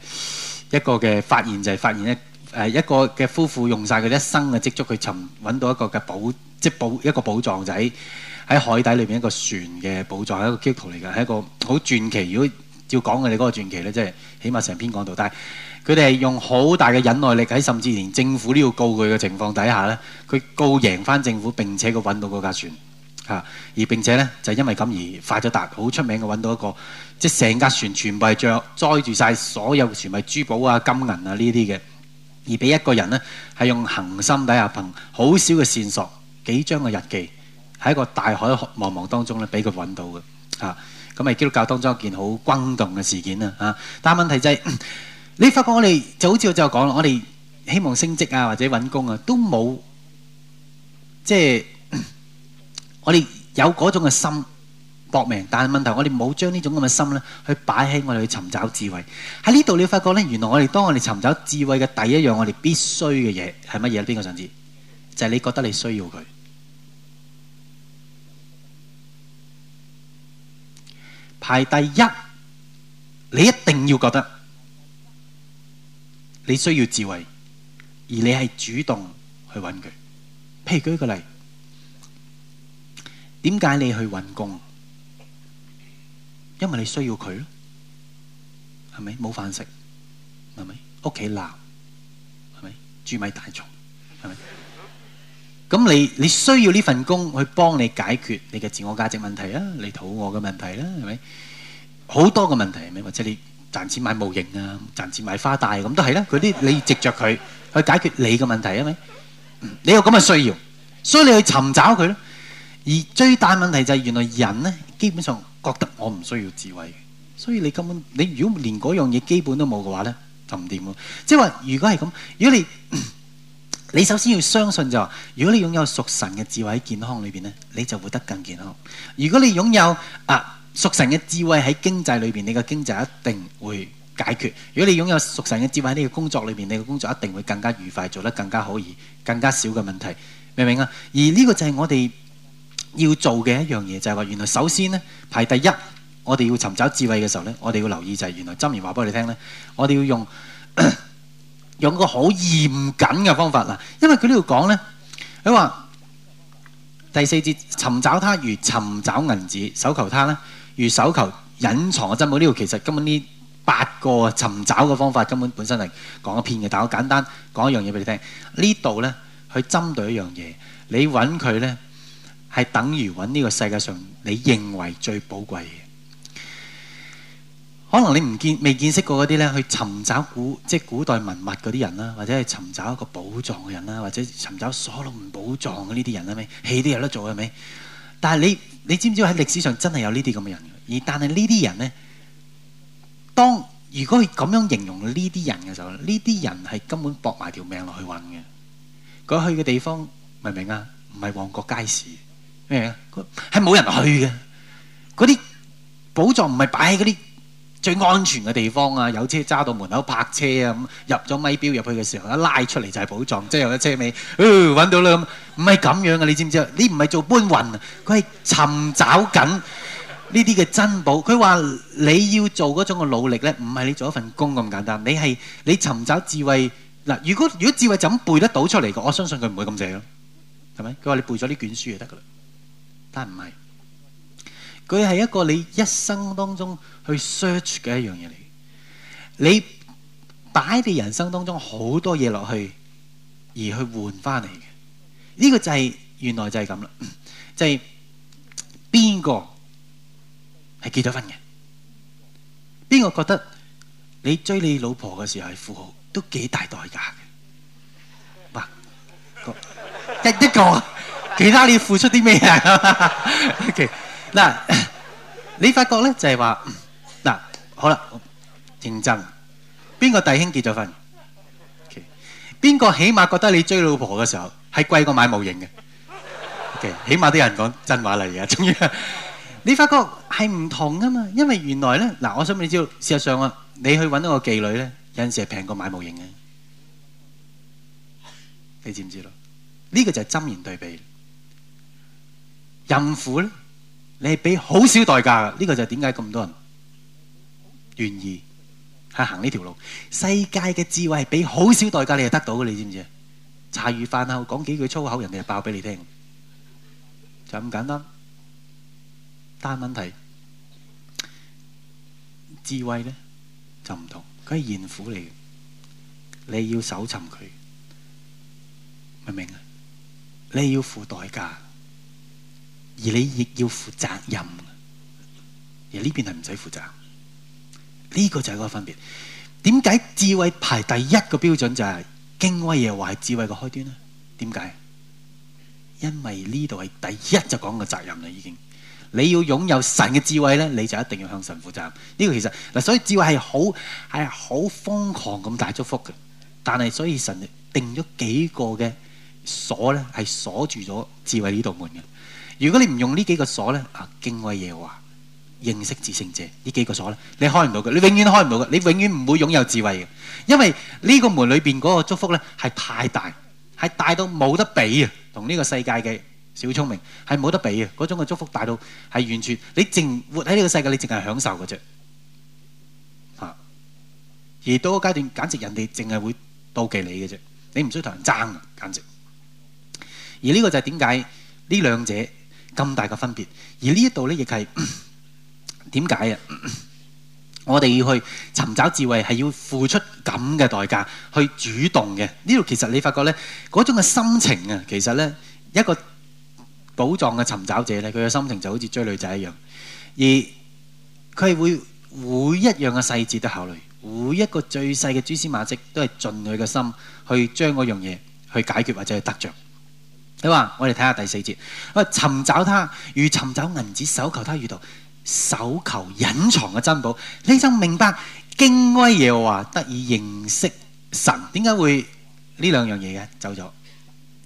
一個嘅發現就係發現一。誒一個嘅夫婦用晒佢一生嘅積蓄，佢尋揾到一個嘅寶，即係寶一個寶藏仔喺海底裏邊一個船嘅寶藏，一個劇透嚟㗎，係一個好傳奇。如果照講佢哋嗰個傳奇咧，即係起碼成篇講到。但係佢哋用好大嘅忍耐力，喺甚至連政府都要告佢嘅情況底下咧，佢告贏翻政府，並且佢揾到嗰架船嚇，而並且咧就是、因為咁而發咗達，好出名嘅揾到一個，即係成架船全部係著載住晒所有全部珠寶啊、金銀啊呢啲嘅。而俾一個人咧，係用恒心底下憑好少嘅線索、幾張嘅日記，喺一個大海茫茫當中咧，俾佢揾到嘅嚇。咁、啊、咪基督教當中一件好轟動嘅事件啦嚇、啊。但係問題就係、是，你發覺我哋就好似我就講啦，我哋希望升職啊或者揾工啊都冇，即係我哋有嗰種嘅心，搏命，但係問題是我我，我哋冇將呢種咁嘅心咧，去擺喺我哋去尋找智慧。喺呢度你會發覺咧，原來我哋當我哋尋找智慧嘅第一樣，我哋必須嘅嘢係乜嘢？邊個想知？就係、是、你覺得你需要佢排第一，你一定要覺得你需要智慧，而你係主動去搵佢。譬如舉個例，點解你去搵工？因為你需要佢咯，係咪？冇飯食，係咪？屋企鬧，係咪？住米大床，係咪？咁你你需要呢份工去幫你解決你嘅自我價值問題啊，你肚餓嘅問題啦，係咪？好多嘅問題係咪？或者你賺錢買模型啊，賺錢買花帶咁都係啦。嗰啲你要藉着佢去解決你嘅問題啊？咪？你有咁嘅需要，所以你去尋找佢咯。而最大問題就係原來人咧，基本上。覺得我唔需要智慧，所以你根本你如果連嗰樣嘢基本都冇嘅話呢，就唔掂。即係話，如果係咁，如果你你首先要相信就係，如果你擁有屬神嘅智慧喺健康裏邊呢，你就活得更健康。如果你擁有啊屬神嘅智慧喺經濟裏邊，你嘅經濟一定會解決。如果你擁有屬神嘅智慧喺呢個工作裏邊，你嘅工作一定會更加愉快，做得更加好，更加少嘅問題，明唔明啊？而呢個就係我哋。要做嘅一樣嘢就係話，原來首先呢，排第一，我哋要尋找智慧嘅時候呢，我哋要留意就係原來箴言話俾你聽呢，我哋要用用個好嚴謹嘅方法嗱，因為佢呢度講呢。佢話第四節尋找他如尋找銀子，搜求他呢，如搜求隱藏嘅珍寶。呢度其實根本呢八個尋找嘅方法根本本身係講一片嘅，但我簡單講一樣嘢俾你聽，呢度呢，去針對一樣嘢，你揾佢呢。係等於揾呢個世界上你認為最寶貴嘅，可能你唔見未見識過嗰啲咧，去尋找古即係古代文物嗰啲人啦，或者係尋找一個寶藏嘅人啦，或者尋找所羅門寶藏嘅呢啲人啦，咩，戲都有得做嘅咪？但係你你知唔知喺歷史上真係有呢啲咁嘅人？而但係呢啲人咧，當如果佢咁樣形容呢啲人嘅時候，呢啲人係根本搏埋條命落去揾嘅。佢去嘅地方明唔明啊？唔係旺角街市。咩啊？係冇人去嘅嗰啲寶藏，唔係擺喺嗰啲最安全嘅地方啊！有車揸到門口泊車啊，咁入咗咪錶入去嘅時候，一拉出嚟就係寶藏，即係有一車尾，嗯，揾到啦咁。唔係咁樣嘅，你知唔知啊？你唔係做搬運啊，佢係尋找緊呢啲嘅珍寶。佢話你要做嗰種嘅努力咧，唔係你做一份工咁簡單。你係你尋找智慧嗱。如果如果智慧就咁背得到出嚟嘅，我相信佢唔會咁寫咯，係咪？佢話你背咗啲卷書就得噶啦。但唔係，佢係一個你一生當中去 search 嘅一樣嘢嚟。你擺你人生當中好多嘢落去，而去換翻嚟嘅。呢個就係原來就係咁啦。就係邊個係結咗婚嘅？邊個覺得你追你老婆嘅時候係富豪，都幾大代價嘅。唔該，唔該。其他你要付出啲咩啊？OK，嗱，你發覺咧就係話嗱，好啦，認真，邊個弟兄結咗婚？OK，邊個起碼覺得你追老婆嘅時候係貴過買模型嘅？OK，起碼都有人講真話嚟嘅，終於，你發覺係唔同噶嘛？因為原來咧嗱，我想畀你知，事實上啊，你去揾到個妓女咧，有時係平過買模型嘅，你知唔知道？呢個就係針言對比。淫婦咧，你係俾好少代價嘅，呢、這個就點解咁多人願意係行呢條路？世界嘅智慧係俾好少代價，你就得到嘅，你知唔知啊？茶餘飯後講幾句粗口，人哋就爆俾你聽，就咁簡單。但係問題智慧咧就唔同，佢係賢婦嚟嘅，你要搜尋佢，明唔明啊？你要付代價。而你亦要負責任，而呢邊係唔使負責，呢、這個就係個分別。點解智慧排第一個標準就係、是敬畏耶和華係智慧嘅開端咧？點解？因為呢度係第一就講嘅責任啦，已經你要擁有神嘅智慧咧，你就一定要向神負責任。呢、這個其實嗱，所以智慧係好係好瘋狂咁大祝福嘅，但係所以神定咗幾個嘅鎖咧，係鎖住咗智慧呢道門嘅。如果你唔用呢幾個鎖咧，啊，敬畏耶和華、認識至聖者呢幾個鎖咧，你開唔到嘅，你永遠開唔到嘅，你永遠唔會擁有智慧嘅，因為呢個門裏邊嗰個祝福咧係太大，係大到冇得比啊，同呢個世界嘅小聰明係冇得比啊，嗰種嘅祝福大到係完全你淨活喺呢個世界，你淨係享受嘅啫，嚇、啊。而到個階段，簡直人哋淨係會妒忌你嘅啫，你唔需要同人爭，簡直。而呢個就係點解呢兩者？咁大嘅分別，而呢一度咧，亦係點解啊，我哋要去尋找智慧，係要付出咁嘅代價去主動嘅。呢度其實你發覺咧，嗰種嘅心情啊，其實咧一個寶藏嘅尋找者咧，佢嘅心情就好似追女仔一樣，而佢係會每一樣嘅細節都考慮，每一個最細嘅蛛絲馬跡，都係盡佢嘅心去將嗰樣嘢去解決或者去得著。你話，我哋睇下第四節。喂，尋找他，如尋找銀子，搜求他遇到搜求隱藏嘅珍寶，你就明白敬畏耶和華得以認識神。點解會呢兩樣嘢嘅走咗？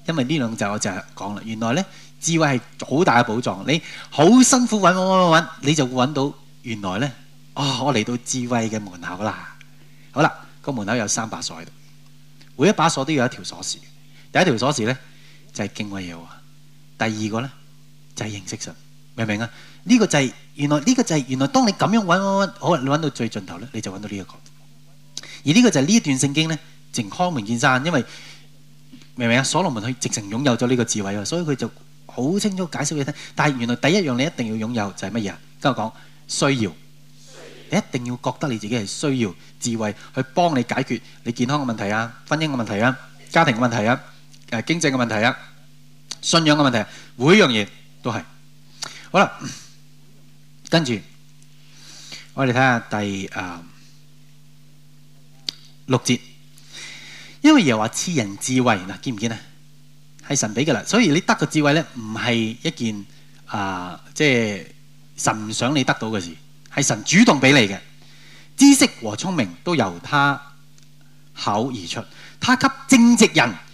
因為呢兩集我就係講啦。原來咧，智慧係好大嘅寶藏，你好辛苦揾揾揾揾你就會揾到。原來咧，啊、哦，我嚟到智慧嘅門口啦。好啦，個門口有三把鎖喺度，每一把鎖都有一條鎖匙。第一條鎖匙咧，就係敬畏嘢喎，第二個呢，就係、是、認識神，明唔明啊？呢、這個就係、是、原來呢、這個就係、是、原來當你咁樣揾揾揾，好你揾到最盡頭呢，你就揾到呢、這、一個。而呢個就係呢一段聖經呢，直開門見山，因為明唔明啊？所羅門佢直情擁有咗呢個智慧啊，所以佢就好清楚解釋俾你聽。但係原來第一樣你一定要擁有就係乜嘢啊？跟我講，需要，你一定要覺得你自己係需要智慧去幫你解決你健康嘅問題啊、婚姻嘅問題啊、家庭嘅問題啊。誒經濟嘅問題啊，信仰嘅問題，每一樣嘢都係好啦。跟住我哋睇下第誒、呃、六節，因為又話賜人智慧嗱，見唔見啊？係神俾嘅啦，所以你得個智慧咧，唔係一件啊，即、呃、係、就是、神唔想你得到嘅事，係神主動俾你嘅。知識和聰明都由他口而出，他給正直人。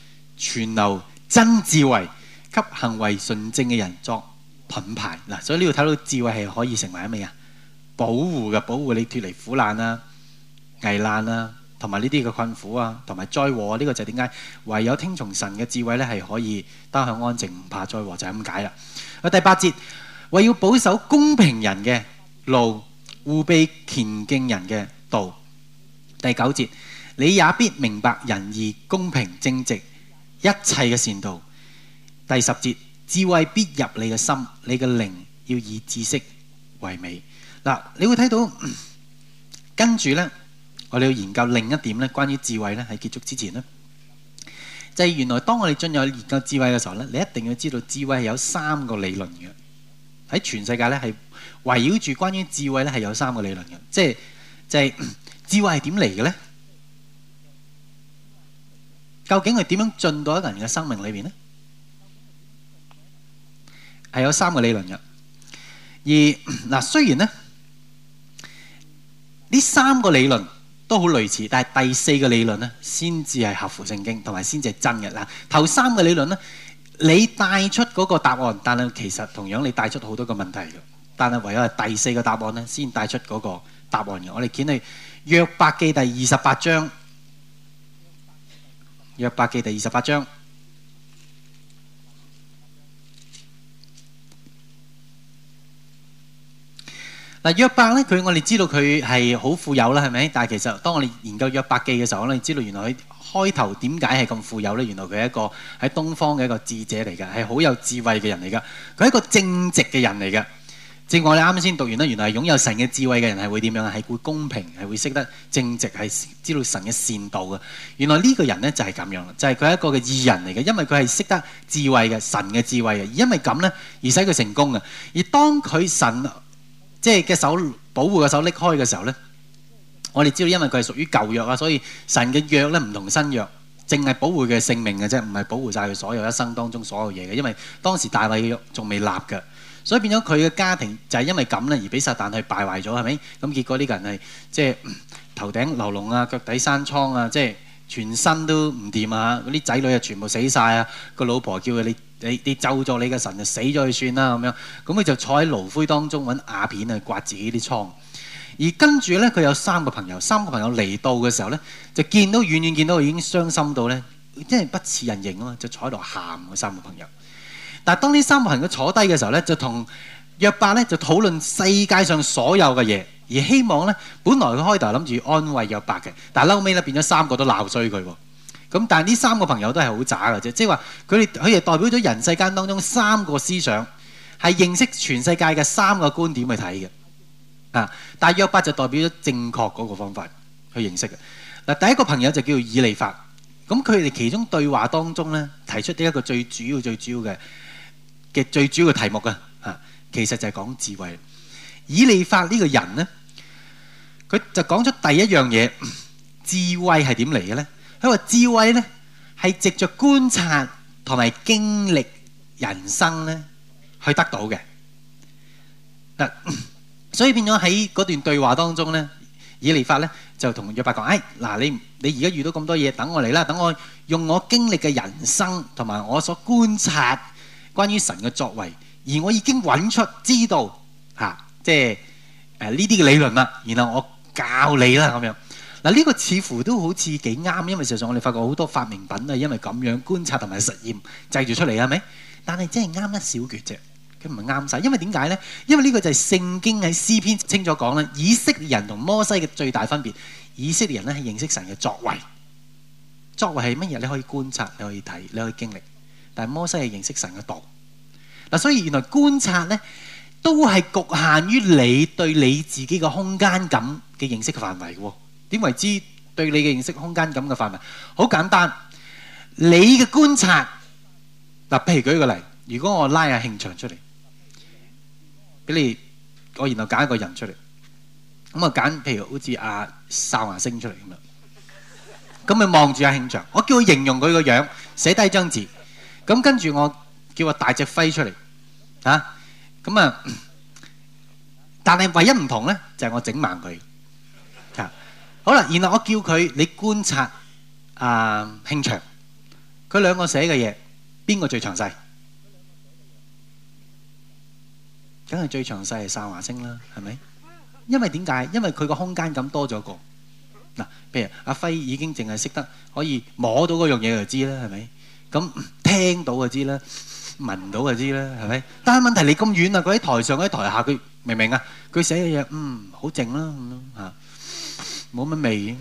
全流真智慧，給行為純正嘅人作盾牌嗱，所以呢度睇到智慧係可以成為咩啊？保護嘅，保護你脫離苦難啊、危難啊，同埋呢啲嘅困苦啊，同埋災禍啊。呢、這個就係點解唯有聽從神嘅智慧咧，係可以得享安靜，唔怕災禍就係咁解啦。第八節，為要保守公平人嘅路，護庇虔敬人嘅道。第九節，你也必明白仁義公平正直，一切嘅善道，第十節，智慧必入你嘅心，你嘅靈要以知識為美。嗱，你會睇到，跟住呢，我哋要研究另一點呢，關於智慧呢，喺結束之前呢，就係、是、原來當我哋進入研究智慧嘅時候呢，你一定要知道智慧係有三個理論嘅。喺全世界呢，係圍繞住關於智慧呢，係有三個理論嘅。即係就係、是就是、智慧係點嚟嘅呢？究竟係點樣進到一個人嘅生命裏面呢？係有三個理論嘅，而嗱，雖然呢，呢三個理論都好類似，但係第四個理論呢，先至係合乎聖經，同埋先至係真嘅嗱。頭三個理論呢，你帶出嗰個答案，但係其實同樣你帶出好多個問題嘅，但係唯有係第四個答案呢，先帶出嗰個答案嘅。我哋見你約伯記第二十八章。約伯記第二十八章嗱，約伯咧，佢我哋知道佢係好富有啦，係咪？但係其實當我哋研究約伯記嘅時候，我哋知道原來佢開頭點解係咁富有咧？原來佢係一個喺東方嘅一個智者嚟嘅，係好有智慧嘅人嚟噶，佢係一個正直嘅人嚟嘅。正話你啱先讀完啦，原來係擁有神嘅智慧嘅人係會點樣？係會公平，係會識得正直，係知道神嘅善道嘅。原來呢個人呢，就係咁樣，就係、係、佢一個嘅義人嚟嘅，因為佢係識得智慧嘅神嘅智慧嘅。因為咁呢，而使佢成功嘅。而當佢神即係嘅手保護嘅手拎開嘅時候呢，我哋知道，因為佢係屬於舊約啊，所以神嘅約呢，唔同新約，淨係保護佢嘅性命嘅啫，唔係保護晒佢所有一生當中所有嘢嘅。因為當時大衛約仲未立嘅。所以變咗佢嘅家庭就係因為咁咧而俾撒旦去敗壞咗，係咪？咁結果呢個人係即係頭頂流膿啊，腳底生瘡啊，即係全身都唔掂啊！嗰啲仔女啊全部死晒啊！個老婆叫佢，你你你咒咗你嘅神就死咗佢算啦咁樣，咁佢就坐喺爐灰當中揾瓦片去刮自己啲瘡。而跟住咧，佢有三個朋友，三個朋友嚟到嘅時候咧，就見到遠遠見到佢已經傷心到咧，真係不似人形啊！嘛，就坐喺度喊啊三個朋友。但係當呢三個朋友坐低嘅時候咧，就同約伯咧就討論世界上所有嘅嘢，而希望咧，本來佢開頭諗住安慰約伯嘅，但係嬲尾咧變咗三個都鬧衰佢喎。咁但係呢三個朋友都係好渣嘅啫，即係話佢哋佢哋代表咗人世間當中三個思想，係認識全世界嘅三個觀點去睇嘅。啊！但係約伯就代表咗正確嗰個方法去認識嘅。嗱、啊，第一個朋友就叫以利法，咁佢哋其中對話當中咧提出呢一個最主要最主要嘅。嘅最主要嘅題目啊，嚇，其實就係講智慧。以利法呢個人呢，佢就講出第一樣嘢，智慧係點嚟嘅呢？佢話智慧呢，係藉着觀察同埋經歷人生呢，去得到嘅。所以變咗喺嗰段對話當中呢，以利法呢，就同約伯講：哎，嗱，你你而家遇到咁多嘢，等我嚟啦，等我用我經歷嘅人生同埋我所觀察。關於神嘅作為，而我已經揾出知道嚇、啊，即係呢啲嘅理論啦。然後我教你啦咁樣。嗱、這、呢個似乎都好似幾啱，因為事實上我哋發覺好多發明品啊，因為咁樣觀察同埋實驗製造出嚟係咪？但係真係啱一小橛啫。佢唔係啱晒。因為點解呢？因為呢個就係聖經喺詩篇清楚講啦。以色列人同摩西嘅最大分別，以色列人咧係認識神嘅作為，作為係乜嘢？你可以觀察，你可以睇，你可以經歷。但摩西係認識神嘅度，嗱，所以原來觀察咧都係局限於你對你自己嘅空間感嘅認識嘅範圍嘅喎。點為之對你嘅認識空間感嘅範圍？好簡單，你嘅觀察嗱，譬如舉一個例，如果我拉阿慶祥出嚟，俾你，我然後揀一個人出嚟，咁啊揀譬如好似阿哨牙星出嚟咁樣，咁咪望住阿慶祥，我叫佢形容佢個樣，寫低張字。咁跟住我叫阿大隻輝出嚟嚇，咁啊，但係唯一唔同咧，就係我整盲佢。好啦，然後我叫佢你觀察啊興祥，佢兩個寫嘅嘢邊個最詳細？梗係最詳細係散華星啦，係咪？因為點解？因為佢個空間感多咗個嗱，譬如阿輝已經淨係識得可以摸到嗰樣嘢就知啦，係咪？咁聽到就知啦，聞到就知啦，係咪？但係問題你咁遠啊，佢喺台上，佢喺台下，佢明唔明啊？佢寫嘅嘢，嗯，好靜啦，咁樣吓，冇乜味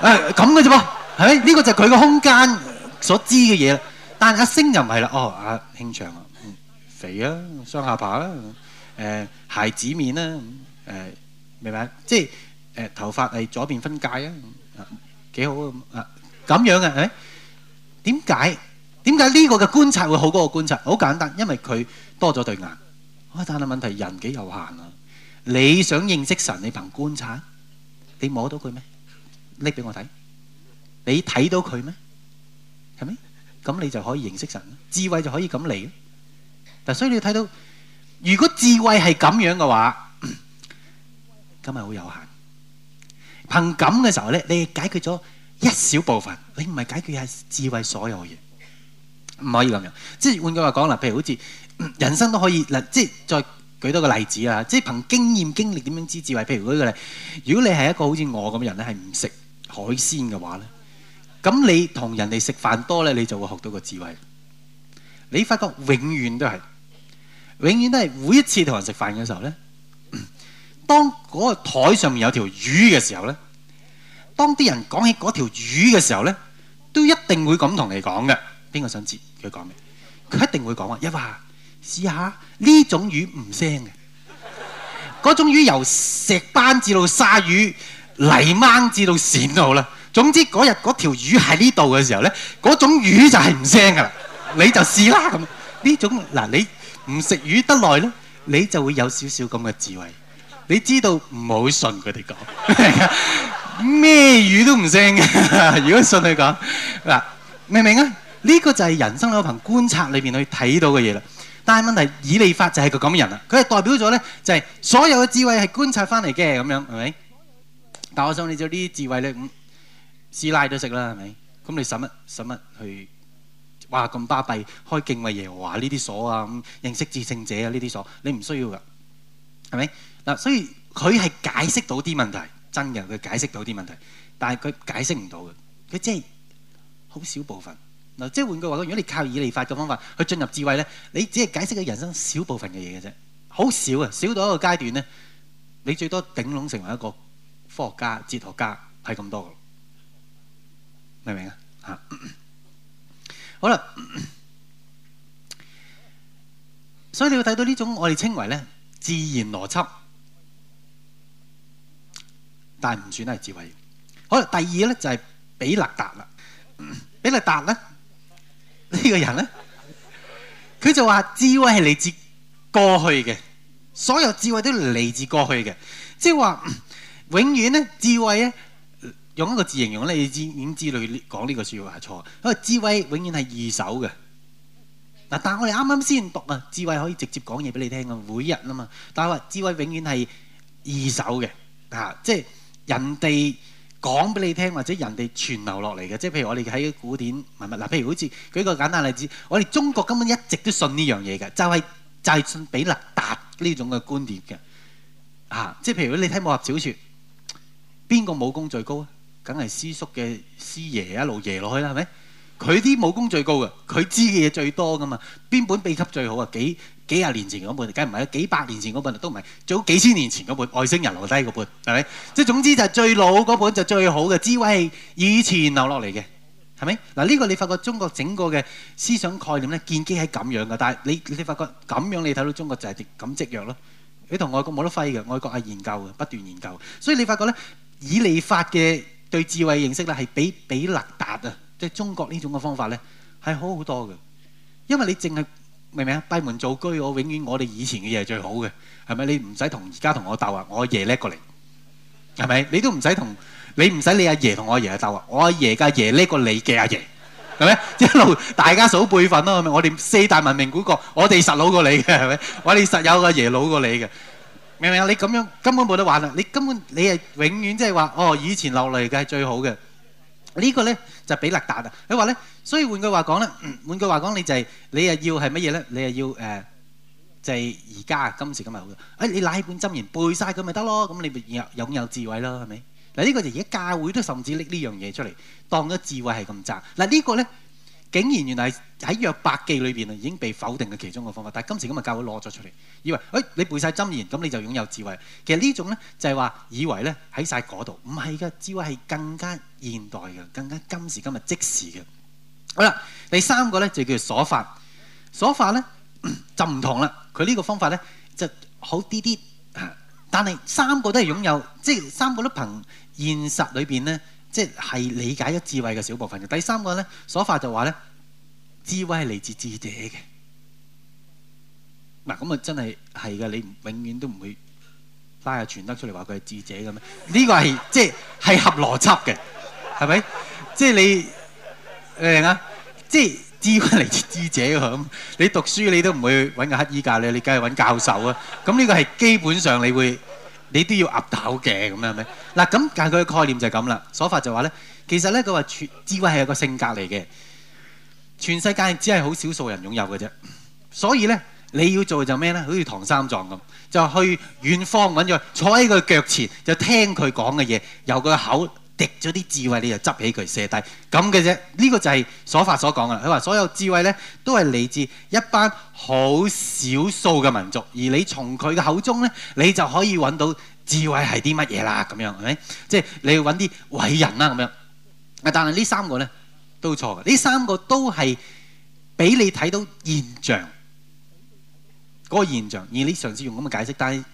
啊！咁嘅啫噃，係咪？呢個就係佢個空間所知嘅嘢。但係星又唔係啦，哦，阿慶祥啊，肥啊，雙下巴啦，誒，鞋子面啦，誒，明白？即係誒頭髮係左邊分界啊，幾好啊！咁樣嘅，誒，點解？點解呢個嘅觀察會好過個觀察？好簡單，因為佢多咗對眼。但係問題是人幾有限啊？你想認識神，你憑觀察，你摸到佢咩？拎俾我睇，你睇到佢咩？係咪？咁你就可以認識神，智慧就可以咁嚟。但所以你睇到，如果智慧係咁樣嘅話，咁係好有限。憑咁嘅時候咧，你解決咗一小部分，你唔係解決係智慧所有嘢。唔可以咁樣，即係換句話講啦。譬如好似人生都可以嗱，即係再舉多個例子啊！即係憑經驗經歷點樣知智慧。譬如舉個例，如果你係一個好似我咁嘅人咧，係唔食海鮮嘅話咧，咁你同人哋食飯多咧，你就會學到個智慧。你發覺永遠都係，永遠都係每一次同人食飯嘅時候咧，當嗰個枱上面有條魚嘅時候咧，當啲人講起嗰條魚嘅時候咧，都一定會咁同你講嘅。邊個想知？佢講咩？佢一定會講話，一話試下呢種魚唔腥嘅，嗰種魚由石斑至到鯊魚、泥鯭至到鱔都好啦。總之嗰日嗰條魚喺呢度嘅時候咧，嗰種魚就係唔腥噶啦。你就試啦咁。呢種嗱，你唔食魚得耐咧，你就會有少少咁嘅智慧。你知道唔好信佢哋講咩魚都唔腥。如果信佢講嗱，明唔明啊？呢個就係人生裏頭觀察裏邊去睇到嘅嘢啦。但係問題，以理法就係個咁人啦。佢係代表咗咧，就係、是、所有嘅智慧係觀察翻嚟嘅咁樣，係咪？但我想你做啲智慧咧、嗯，師奶都識啦，係咪？咁你使乜使乜去？哇！咁巴閉，開敬畏耶和華呢啲鎖啊，認識至聖者啊呢啲鎖，你唔需要㗎，係咪？嗱，所以佢係解釋到啲問題，真嘅佢解釋到啲問題，但係佢解釋唔到嘅，佢即係好少部分。即係換句話講如果你靠以利法嘅方法去進入智慧咧，你只係解釋嘅人生少部分嘅嘢嘅啫，好少啊，少到一個階段咧，你最多頂籠成為一個科學家、哲學家，係咁多嘅，明唔明啊？嚇，好啦，所以你會睇到呢種我哋稱為咧自然邏輯，但係唔算係智慧。好啦，第二咧就係比勒達啦，比勒達咧。呢個人咧，佢就話智慧係嚟自過去嘅，所有智慧都嚟自過去嘅，即係話永遠咧智慧咧用一個字形容咧，你知已經知道講呢個説話錯，因為智慧永遠係二手嘅。嗱，但係我哋啱啱先讀啊，智慧可以直接講嘢俾你聽啊，每日啊嘛。但係話智慧永遠係二手嘅，嚇，即係人哋，講俾你聽，或者人哋傳流落嚟嘅，即係譬如我哋喺古典文物嗱，譬如好似舉個簡單例子，我哋中國根本一直都信呢樣嘢嘅，就係就係信比勒達呢種嘅觀點嘅，啊，即係譬如你睇武俠小説，邊個武功最高啊？梗係師叔嘅師爺一路爺落去啦，係咪？佢啲武功最高嘅，佢知嘅嘢最多噶嘛，邊本秘笈最好啊？幾？幾廿年前嗰本，梗唔係啦，幾百年前嗰本都唔係，早幾千年前嗰本外星人留低嗰本，係咪？即係總之就係最老嗰本就最好嘅智慧，以前留落嚟嘅，係咪？嗱、這、呢個你發覺中國整個嘅思想概念咧，建基喺咁樣嘅，但係你你發覺咁樣你睇到中國就係咁積弱咯。你同外國冇得揮嘅，外國係研究嘅，不斷研究，所以你發覺咧，以利法嘅對智慧認識咧，係比比勒達啊，即、就、係、是、中國呢種嘅方法咧，係好好多嘅，因為你淨係。明唔明啊？閉門造車，我永遠我哋以前嘅嘢係最好嘅，係咪？你唔使同而家同我鬥啊！我阿爺叻過你，係咪？你都唔使同，你唔使你阿爺同我阿爺去鬥啊！我阿爺嘅阿爺叻過你嘅阿爺，係咪？一路大家數輩份咯，係咪？我哋四大文明古國，我哋實老過你嘅，係咪？我哋實有個爺老過你嘅，明唔明啊？你咁樣根本冇得玩啦！你根本你係永遠即係話，哦，以前落嚟嘅係最好嘅。這個呢個咧就俾勒達啊！你話咧，所以換句話講咧，換、嗯、句話講你就係你又要係乜嘢咧？你又要誒、呃、就係而家今時今日好嘅、哎，你揦起本箴言背晒佢咪得咯？咁你咪擁擁有智慧咯，係咪？嗱、這、呢個就而家教會都甚至拎呢樣嘢出嚟當咗智慧係咁窄。嗱、這個、呢個咧。竟然原來喺《約伯記》裏邊啊，已經被否定嘅其中一個方法，但係今時今日教會攞咗出嚟，以為誒、哎、你背晒《箴言》，咁你就擁有智慧。其實呢種呢，就係、是、話以為呢喺晒嗰度，唔係嘅，智慧係更加現代嘅，更加今時今日即時嘅。好啦，第三個呢就叫做瑣法，瑣法呢就唔同啦。佢呢個方法呢就好啲啲，但係三個都係擁有，即、就、係、是、三個都憑現實裏邊呢。即係理解咗智慧嘅小部分嘅。第三個咧，所發就話咧，智慧係嚟自智者嘅。嗱，咁啊真係係嘅，你永遠都唔會拉下傳得出嚟話佢係智者嘅咩？呢 個係即係係合邏輯嘅，係咪？即係你誒啊！即係智慧嚟自智者，咁你讀書你都唔會揾個乞衣教你，你梗係揾教授啊！咁呢個係基本上你會。你都要壓頭嘅咁樣咩？嗱咁，但係佢嘅概念就係咁啦。所法就話咧，其實咧，佢話智慧係一個性格嚟嘅，全世界只係好少數人擁有嘅啫。所以咧，你要做就咩咧？好似唐三藏咁，就去遠方揾咗，坐喺佢腳前，就聽佢講嘅嘢，由佢口。滴咗啲智慧你就執起佢射低咁嘅啫，呢個就係所法所講嘅啦。佢話所有智慧呢都係嚟自一班好少數嘅民族，而你從佢嘅口中呢，你就可以揾到智慧係啲乜嘢啦咁樣，係咪？即係你要揾啲偉人啦咁樣。但係呢三個呢都錯嘅，呢三個都係俾你睇到現象，嗰個現象，而你上次用咁嘅解釋，但係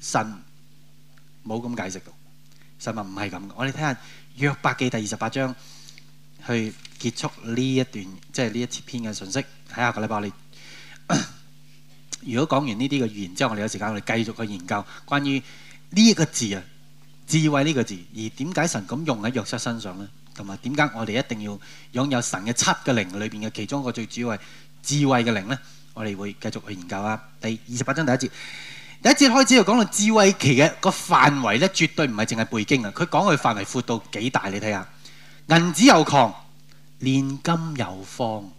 神冇咁解釋嘅。神話唔係咁，我哋睇下約伯記第二十八章去結束呢一段，即係呢一篇嘅信息。睇下個禮拜，我哋如果講完呢啲嘅語言之後，我哋有時間我哋繼續去研究關於呢一個字啊，智慧呢個字，而點解神咁用喺約瑟身上呢？同埋點解我哋一定要擁有神嘅七個靈裏邊嘅其中一個最主要係智慧嘅靈呢？我哋會繼續去研究啊！第二十八章第一節。第一節開始就講到智慧期嘅個範圍咧，絕對唔係淨係背經啊！佢講佢範圍闊到幾大，你睇下，銀子有礦，煉金有方，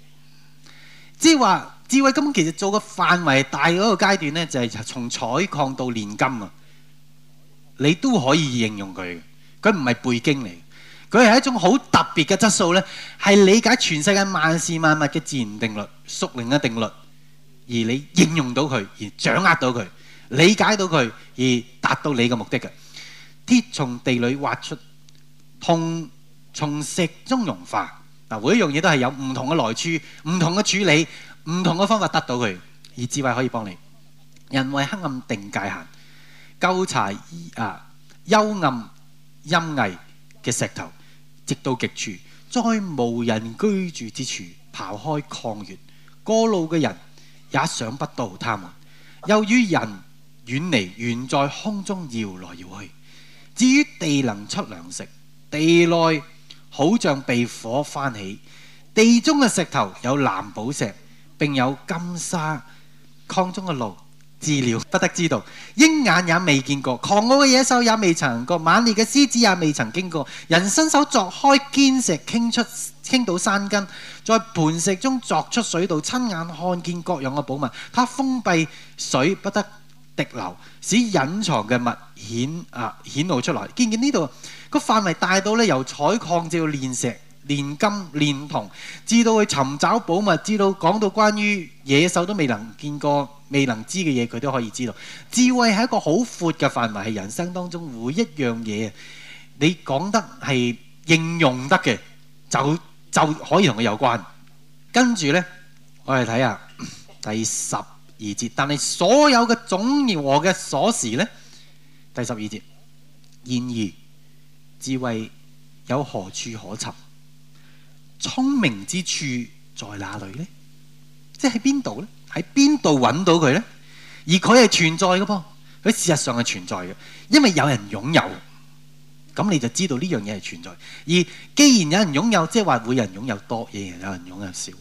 即係話智慧金其實做嘅範圍大嗰個階段咧，就係、是、從採礦到煉金啊！你都可以應用佢，佢唔係背經嚟，佢係一種好特別嘅質素咧，係理解全世界萬事萬物嘅自然定律、屬靈嘅定律，而你應用到佢，而掌握到佢。理解到佢而達到你嘅目的嘅，鐵從地裏挖出，銅從石中融化。嗱，每一樣嘢都係有唔同嘅來處、唔同嘅處理、唔同嘅方法得到佢。而智慧可以幫你。人為黑暗定界限，構查啊幽暗陰翳嘅石頭，直到極處，再無人居住之處，刨開礦穴。過路嘅人也想不到他們。由於人。遠離，懸在空中搖來搖去。至於地能出糧食，地內好像被火翻起，地中嘅石頭有藍寶石，並有金沙。礦中嘅路，鷙鳥不得知道，鷹眼也未見過，狂傲嘅野獸也未曾過，猛烈嘅獅子也未曾經過。人伸手鑿開堅石，傾出傾倒山根，在盤石中鑿出水道，親眼看見各樣嘅寶物。它封閉水不得。滴流使隱藏嘅物顯啊顯露出來，見見呢度個範圍大到咧，由採礦至到煉石、煉金、煉銅，至到去尋找寶物，至到講到關於野獸都未能見過、未能知嘅嘢，佢都可以知道。智慧係一個好闊嘅範圍，係人生當中每一樣嘢，你講得係應用得嘅，就就可以同佢有關。跟住呢，我哋睇下第十。二節，但係所有嘅總和嘅鎖匙呢？第十二節。然而，智慧有何處可尋？聰明之處在，在哪裡呢？即係喺邊度呢？喺邊度揾到佢呢？而佢係存在嘅噃，佢事實上係存在嘅，因為有人擁有，咁你就知道呢樣嘢係存在的。而既然有人擁有，即係話會有人擁有多，亦有人擁有少，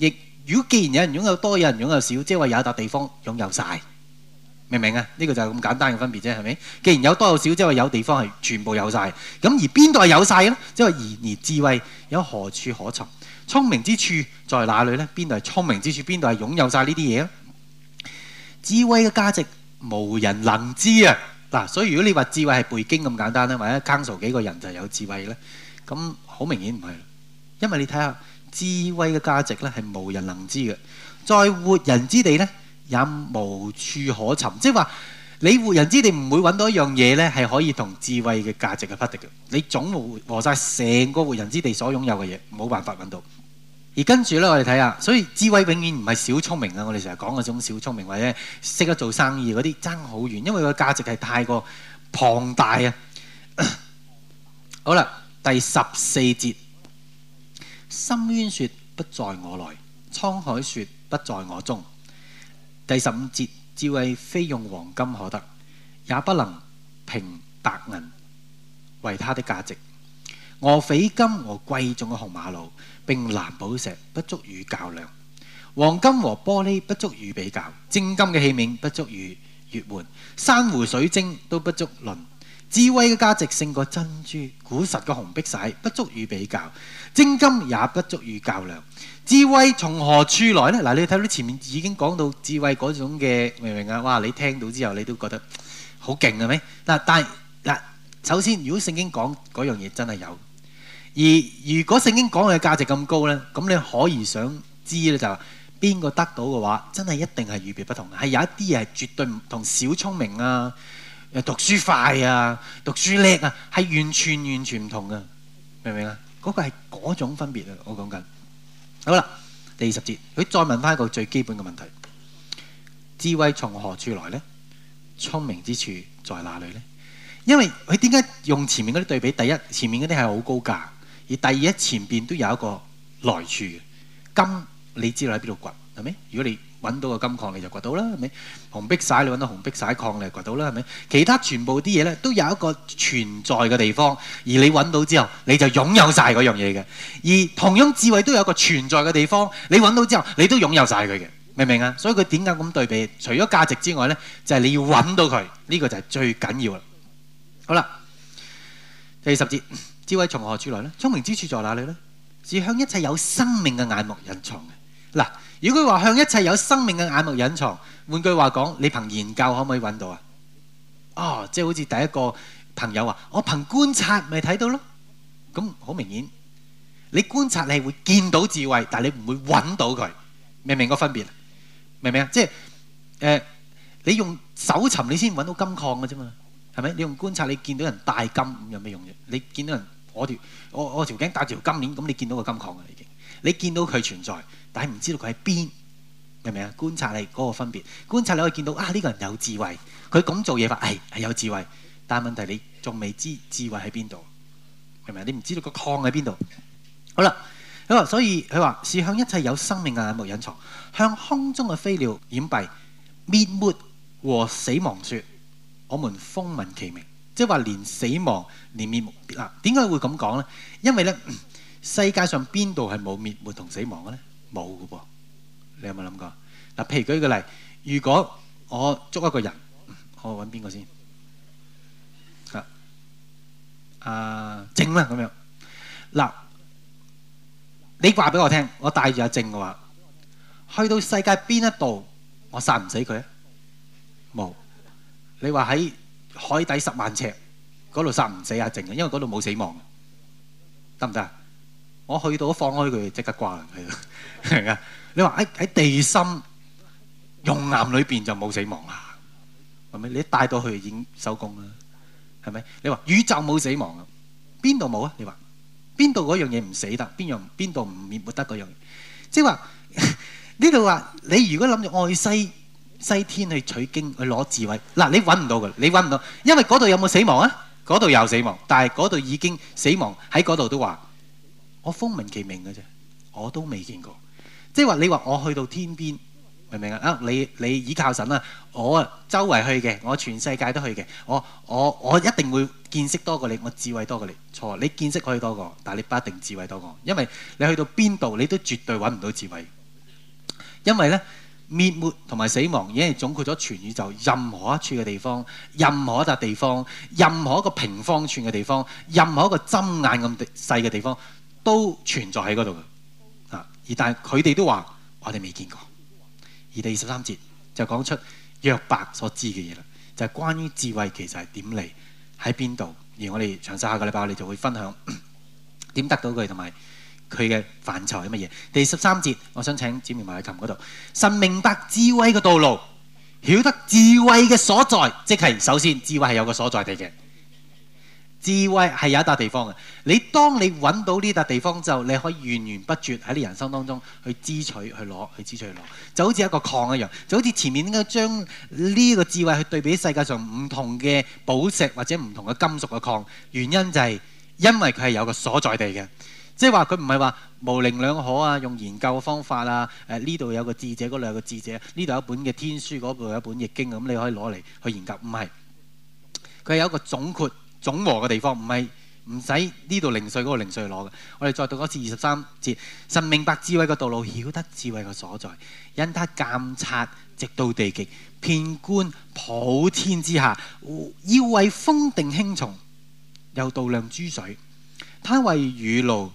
亦。如果既然有人擁有多，有人擁有少，即係話有一笪地方擁有晒，明唔明啊？呢個就係咁簡單嘅分別啫，係咪？既然有多有少，即係話有地方係全部有晒，咁而邊度係有晒呢？即係話而而智慧有何處可尋？聰明之處在哪裡呢？邊度係聰明之處？邊度係擁有晒呢啲嘢啊？智慧嘅價值無人能知啊！嗱，所以如果你話智慧係背經咁簡單呢，或者 count 幾個人就有智慧呢，咁好明顯唔係，因為你睇下。智慧嘅價值咧係無人能知嘅，在活人之地咧也無處可尋，即係話你活人之地唔會揾到一樣嘢咧係可以同智慧嘅價值係匹敵嘅。你總和晒成個活人之地所擁有嘅嘢，冇辦法揾到。而跟住咧我哋睇下，所以智慧永遠唔係小聰明啊！我哋成日講嗰種小聰明或者識得做生意嗰啲爭好遠，因為個價值係太過龐大啊！ 好啦，第十四節。深淵說不在我內，滄海說不在我中。第十五節，智慧非用黃金可得，也不能平白銀為它的價值。俄斐金和貴，和貴重嘅紅瑪瑙並藍寶石不足與較量，黃金和玻璃不足與比較，精金嘅器皿不足與兌換，珊瑚水晶都不足論。智慧嘅價值勝過珍珠，古實嘅紅碧璽不足以比較，精金也不足以較量。智慧從何處來呢？嗱，你睇到前面已經講到智慧嗰種嘅，明唔明啊？哇！你聽到之後，你都覺得好勁，係咪？嗱，但係嗱，首先如果聖經講嗰樣嘢真係有，而如果聖經講嘅價值咁高呢，咁你可以想知咧就係邊個得到嘅話，真係一定係與別不同，係有一啲嘢係絕對唔同小聰明啊。又讀書快啊，讀書叻啊，係完全完全唔同噶，明唔明啊？嗰、嗰個係嗰種分別啊，我講緊。好啦，第二十節，佢再問翻一個最基本嘅問題：智慧從何處來呢？聰明之處在哪裡呢？因為佢點解用前面嗰啲對比？第一，前面嗰啲係好高價，而第二，一前邊都有一個來處。金，你知道喺邊度掘？係咪？如果你揾到個金礦你就掘到啦，係咪？紅碧璽你揾到紅碧璽礦你掘到啦，係咪？其他全部啲嘢咧，都有一個存在嘅地方，而你揾到之後，你就擁有晒嗰樣嘢嘅。而同樣智慧都有一個存在嘅地方，你揾到之後，你都擁有晒佢嘅，明唔明啊？所以佢點解咁對比？除咗價值之外咧，就係、是、你要揾到佢，呢、這個就係最緊要啦。好啦，第十節，智慧從何處來咧？聰明之處在哪裏咧？是向一切有生命嘅眼目隱藏嘅嗱。如果佢話向一切有生命嘅眼目隱藏，換句話講，你憑研究可唔可以揾到啊？哦，即係好似第一個朋友話，我憑觀察咪睇到咯。咁好明顯，你觀察你係會見到智慧，但係你唔會揾到佢，明唔明個分別？明唔明啊？即係誒、呃，你用手尋你先揾到金礦嘅啫嘛，係咪？你用觀察你見到人戴金咁有咩用啫？你見到人我條我我條頸戴條金鏈，咁你見到個金礦嘅已經，你見到佢存在。但係唔知道佢喺邊，明唔明啊？觀察你嗰個分別，觀察你可以見到啊。呢、這個人有智慧，佢咁做嘢法係係有智慧，但係問題你仲未知智慧喺邊度，明唔明，你唔知道個礦喺邊度。好啦，咁啊，所以佢話：是向一切有生命嘅眼目隱藏，向空中嘅飛鳥掩蔽，滅沒和死亡說。說我們風聞其名，即係話連死亡連滅沒，嗱，點解會咁講呢？因為呢、嗯，世界上邊度係冇滅沒同死亡嘅呢？冇㗎噃，你有冇諗過？嗱，譬如舉個例，如果我捉一個人，我揾邊個先？啊，阿靜啦咁樣。嗱，啊，你話俾我聽，我帶住阿靜嘅話，去到世界邊一度，我殺唔死佢？冇。你話喺海底十萬尺嗰度殺唔死阿靜啊？因為嗰度冇死亡，得唔得？我去到放開佢，即刻掛佢啦，啊！ 你話喺喺地心熔岩裏邊就冇死亡啦，係咪？你帶到去已經收工啦，係咪？你話宇宙冇死亡啊？邊度冇啊？你話邊度嗰樣嘢唔死得？邊樣邊度唔滅活得嗰樣？即係話呢度話你如果諗住愛西西天去取經去攞智慧，嗱，你揾唔到噶，你揾唔到，因為嗰度有冇死亡啊？嗰度有死亡，但係嗰度已經死亡喺嗰度都話。我風聞其名嘅啫，我都未見過。即係話你話我去到天邊，明唔明啊？啊，你你倚靠神啊，我啊周圍去嘅，我全世界都去嘅，我我我一定會見識多過你，我智慧多過你。錯，你見識可以多過我，但係你不一定智慧多過我。因為你去到邊度，你都絕對揾唔到智慧。因為呢，滅沒同埋死亡已經總括咗全宇宙任何一處嘅地方，任何一笪地方，任何一個平方寸嘅地方，任何一個針眼咁細嘅地方。都存在喺嗰度嘅啊！而但佢哋都話我哋未見過。而第二十三節就講出約伯所知嘅嘢啦，就係、是、關於智慧其實係點嚟喺邊度。而我哋詳細下個禮拜我哋就會分享點得到佢同埋佢嘅範疇係乜嘢。第二十三節，我想請展明埋喺琴嗰度。神明白智慧嘅道路，曉得智慧嘅所在，即係首先智慧係有個所在地嘅。智慧係有一笪地方嘅，你當你揾到呢笪地方之後，你可以源源不絕喺你人生當中去支取、去攞、去支取去攞，就好似一個礦一樣，就好似前面應該將呢個智慧去對比世界上唔同嘅寶石或者唔同嘅金屬嘅礦，原因就係因為佢係有個所在地嘅，即係話佢唔係話模棱兩可啊，用研究嘅方法啊，誒呢度有個智者，嗰度有個智者，呢度有一本嘅天書，嗰度有一本易經咁，你可以攞嚟去研究，唔係，佢係有一個總括。總和嘅地方唔係唔使呢度零碎嗰個零碎攞嘅，我哋再讀一次二十三節。神明白智慧嘅道路，曉得智慧嘅所在，因他監察直到地極，遍觀普天之下，要為風定輕重，又度量諸水。他為雨露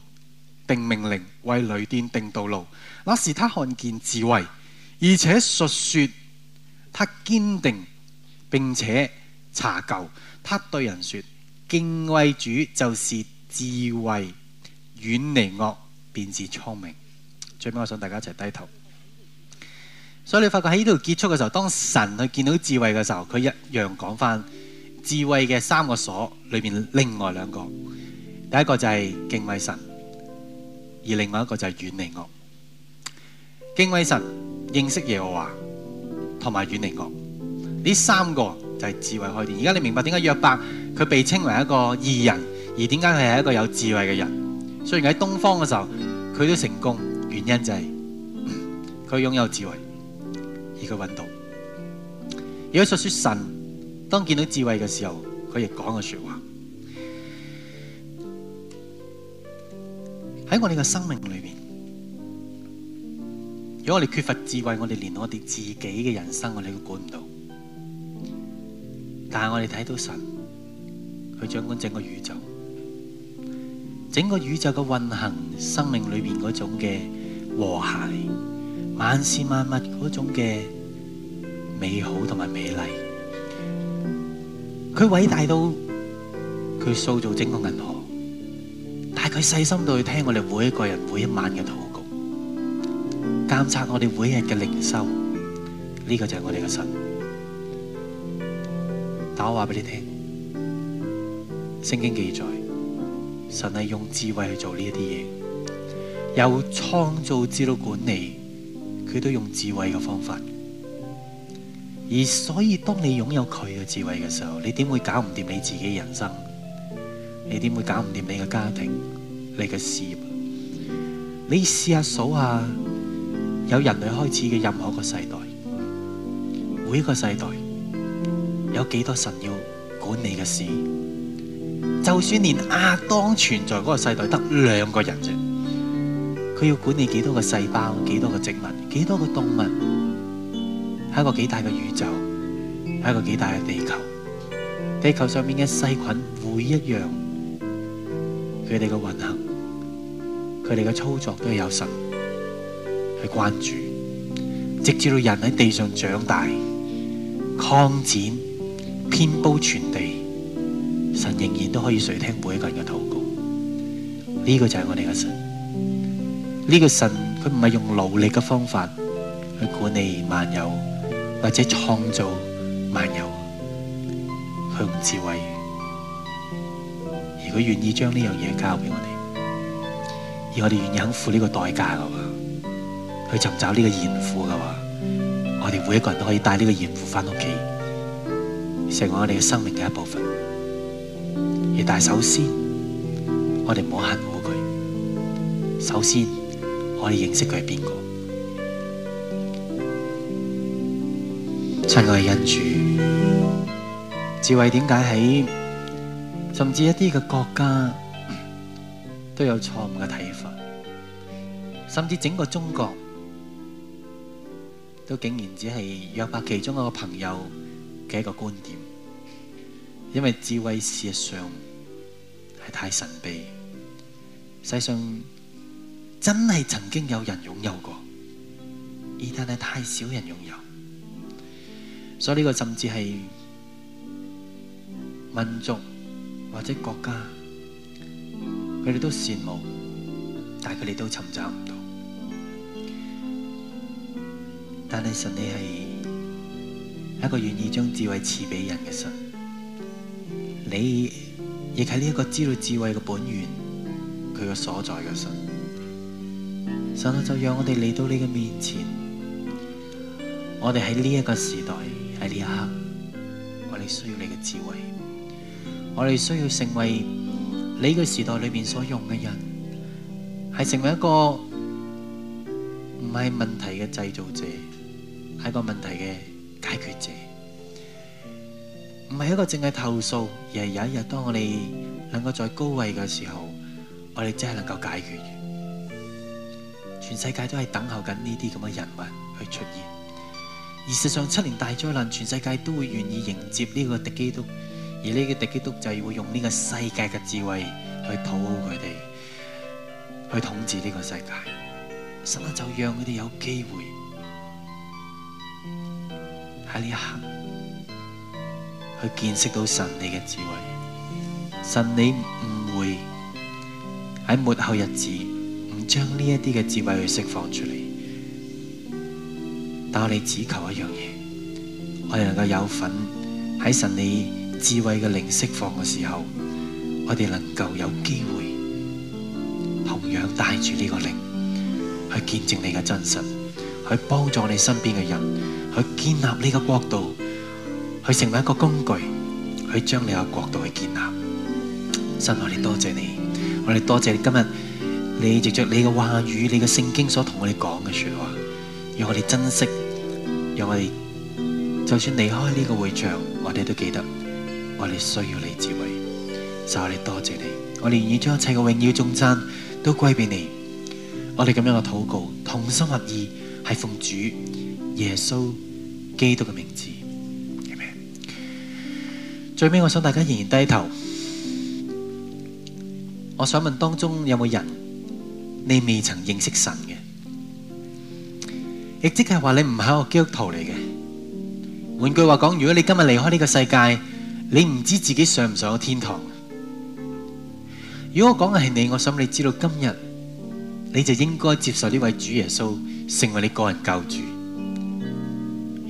定命令，為雷電定道路。那時他看見智慧，而且述説，他堅定並且查究。他對人說。敬畏主就是智慧，遠離惡便是聰明。最尾我想大家一齊低頭。所以你發覺喺呢度結束嘅時候，當神去見到智慧嘅時候，佢一樣講返智慧嘅三個鎖裏面另外兩個。第一個就係敬畏神，而另外一個就係遠離惡。敬畏神認識耶和華，同埋遠離惡，呢三個。係智慧開電，而家你明白點解約伯佢被稱為一個異人，而點解佢係一個有智慧嘅人？雖然喺東方嘅時候佢都成功，原因就係、是、佢擁有智慧而佢搵到。如果所說神當見到智慧嘅時候，佢亦講個說話喺我哋嘅生命裏邊。如果我哋缺乏智慧，我哋連我哋自己嘅人生我哋都管唔到。但係我哋睇到神，佢掌管整個宇宙，整個宇宙嘅運行，生命裏邊嗰種嘅和諧，萬事萬物嗰種嘅美好同埋美麗，佢偉大到佢塑造整個銀河，但係佢細心到去聽我哋每一個人每一晚嘅禱告，監察我哋每一日嘅靈修，呢個就係我哋嘅神。但我話俾你聽，聖經記載，神係用智慧去做呢一啲嘢，由創造至到管理，佢都用智慧嘅方法。而所以，當你擁有佢嘅智慧嘅時候，你點會搞唔掂你自己人生？你點會搞唔掂你嘅家庭、你嘅事業？你試下數下，有人類開始嘅任何個世代，每一個世代。有幾多神要管你嘅事？就算連亞當存在嗰個世代得兩個人啫，佢要管理幾多個細胞、幾多個植物、幾多個動物，係一個幾大嘅宇宙，係一個幾大嘅地球。地球上面嘅細菌每一樣，佢哋嘅運行、佢哋嘅操作都要有神去關注，直至到人喺地上長大、擴展。遍佈全地，神仍然都可以垂聽每一個人嘅禱告。呢、這個就係我哋嘅神，呢、這個神佢唔係用勞力嘅方法去管理萬有，或者創造萬有，佢唔智慧。如果願意將呢樣嘢交俾我哋，而我哋願意肯付呢個代價嘅話，去尋找呢個賢婦嘅話，我哋每一個人都可以帶呢個賢婦返屋企。成為我哋嘅生命嘅一部分，而但係首先，我哋唔好恨污佢。首先，我哋認識佢係邊個？親愛嘅恩主，智慧點解喺甚至一啲嘅國家都有錯誤嘅睇法，甚至整個中國都竟然只係約伯其中一個朋友。嘅一個觀點，因為智慧事實上係太神秘，世上真係曾經有人擁有過，而但係太少人擁有，所以呢個甚至係民族或者國家，佢哋都羨慕，但係佢哋都尋找唔到。但係神你係。一個願意將智慧賜俾人嘅神，你亦係呢一個知道智慧嘅本源，佢個所在嘅神，神就讓我哋嚟到你嘅面前。我哋喺呢一個時代，喺呢一刻，我哋需要你嘅智慧，我哋需要成為你嘅時代裏面所用嘅人，係成為一個唔係問題嘅製造者，係個問題嘅。解決者，唔係一個淨係投訴，而係有一日當我哋能夠在高位嘅時候，我哋真係能夠解決。全世界都係等候緊呢啲咁嘅人物去出現，而事實上七年大災難，全世界都會願意迎接呢個敵基督，而呢個敵基督就會用呢個世界嘅智慧去討好佢哋，去統治呢個世界。神就讓佢哋有機會。喺呢一刻，去見識到神你嘅智慧。神你唔會喺末後日子唔將呢一啲嘅智慧去釋放出嚟，但我哋只求一樣嘢，我哋能夠有份喺神你智慧嘅靈釋放嘅時候，我哋能夠有機會同樣帶住呢個靈去見證你嘅真實。去幫助我哋身邊嘅人，去建立呢個國度，去成為一個工具，去將你個國度去建立。神啊，我哋多謝你，我哋多謝你今日，你藉着你嘅話語、你嘅聖經所同我哋講嘅說話，讓我哋珍惜，讓我哋就算離開呢個會場，我哋都記得，我哋需要你智慧。神啊，我哋多謝你，我哋願意將一切嘅榮耀頌讚都歸俾你。我哋咁樣嘅禱告，同心合意，係奉主耶穌基督嘅名字，Amen。最尾我想大家仍然低頭。我想問當中有冇人你未曾認識神嘅？亦即係話你唔係一個基督徒嚟嘅。換句話講，如果你今日離開呢個世界，你唔知自己上唔上天堂。如果我講嘅係你，我想你知道今日你就應該接受呢位主耶穌。成為你個人救主，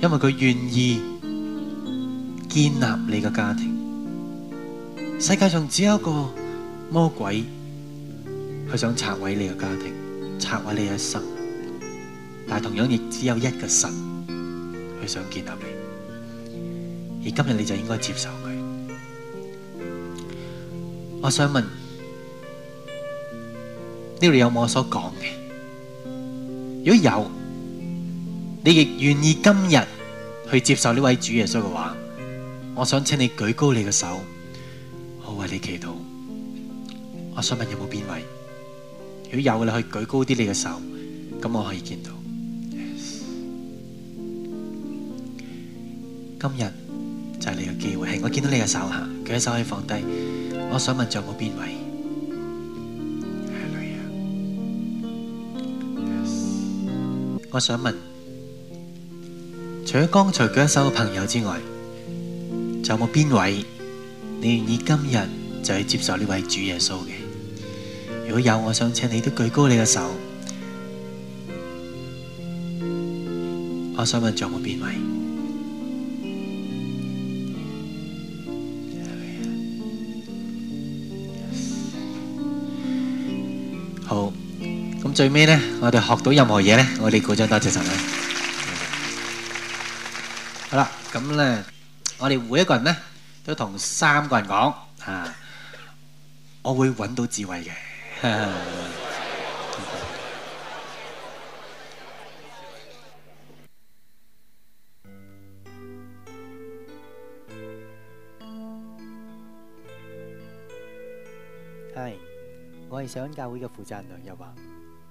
因為佢願意建立你嘅家庭。世界上只有一個魔鬼，佢想拆毀你嘅家庭，拆毀你嘅一生；但係同樣亦只有一個神，佢想建立你。而今日你就應該接受佢。我想問呢度有冇我所講嘅？如果有，你亦願意今日去接受呢位主耶穌嘅話，我想請你舉高你嘅手，我為你祈禱。我想問有冇邊位？如果有，你可以舉高啲你嘅手，咁我可以見到。Yes. 今日就係你嘅機會，係我見到你嘅手吓，舉手可以放低。我想問仲有冇邊位？我想問，除咗剛才舉手嘅朋友之外，還有冇邊位你願意今日就去接受呢位主耶穌嘅？如果有，我想請你都舉高你的手。我想問，還有冇邊位？最尾呢，我哋學到任何嘢呢，我哋鼓掌多謝神啦！好啦，咁呢，我哋每一個人呢都同三個人講啊，我會揾到智慧嘅。係，我係上恩教會嘅負責人梁日華。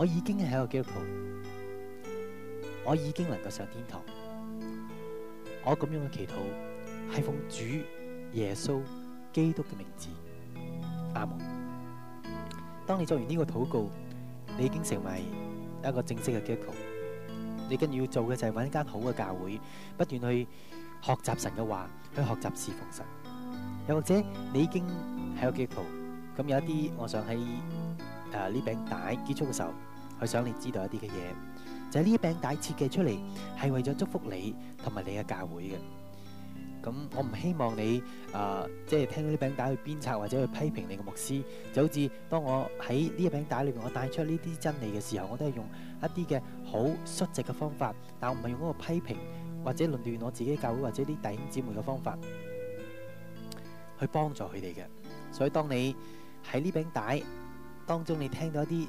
我已經係一個基督徒，我已經能夠上天堂。我咁樣嘅祈禱係奉主耶穌基督嘅名字阿門。當你做完呢個禱告，你已經成為一個正式嘅基督徒。你跟住要做嘅就係揾一間好嘅教會，不斷去學習神嘅話，去學習侍奉神。又或者你已經係一個基督徒，咁有一啲，我想喺誒呢餅帶結束嘅時候。佢想你知道一啲嘅嘢，就係、是、呢餅帶設計出嚟係為咗祝福你同埋你嘅教會嘅。咁我唔希望你啊，即、呃、係、就是、聽到呢餅帶去鞭策或者去批評你嘅牧師，就好似當我喺呢餅帶裏邊，我帶出呢啲真理嘅時候，我都係用一啲嘅好率直嘅方法，但我唔係用嗰個批評或者論斷我自己教會或者啲弟兄姊妹嘅方法去幫助佢哋嘅。所以當你喺呢餅帶當中，你聽到一啲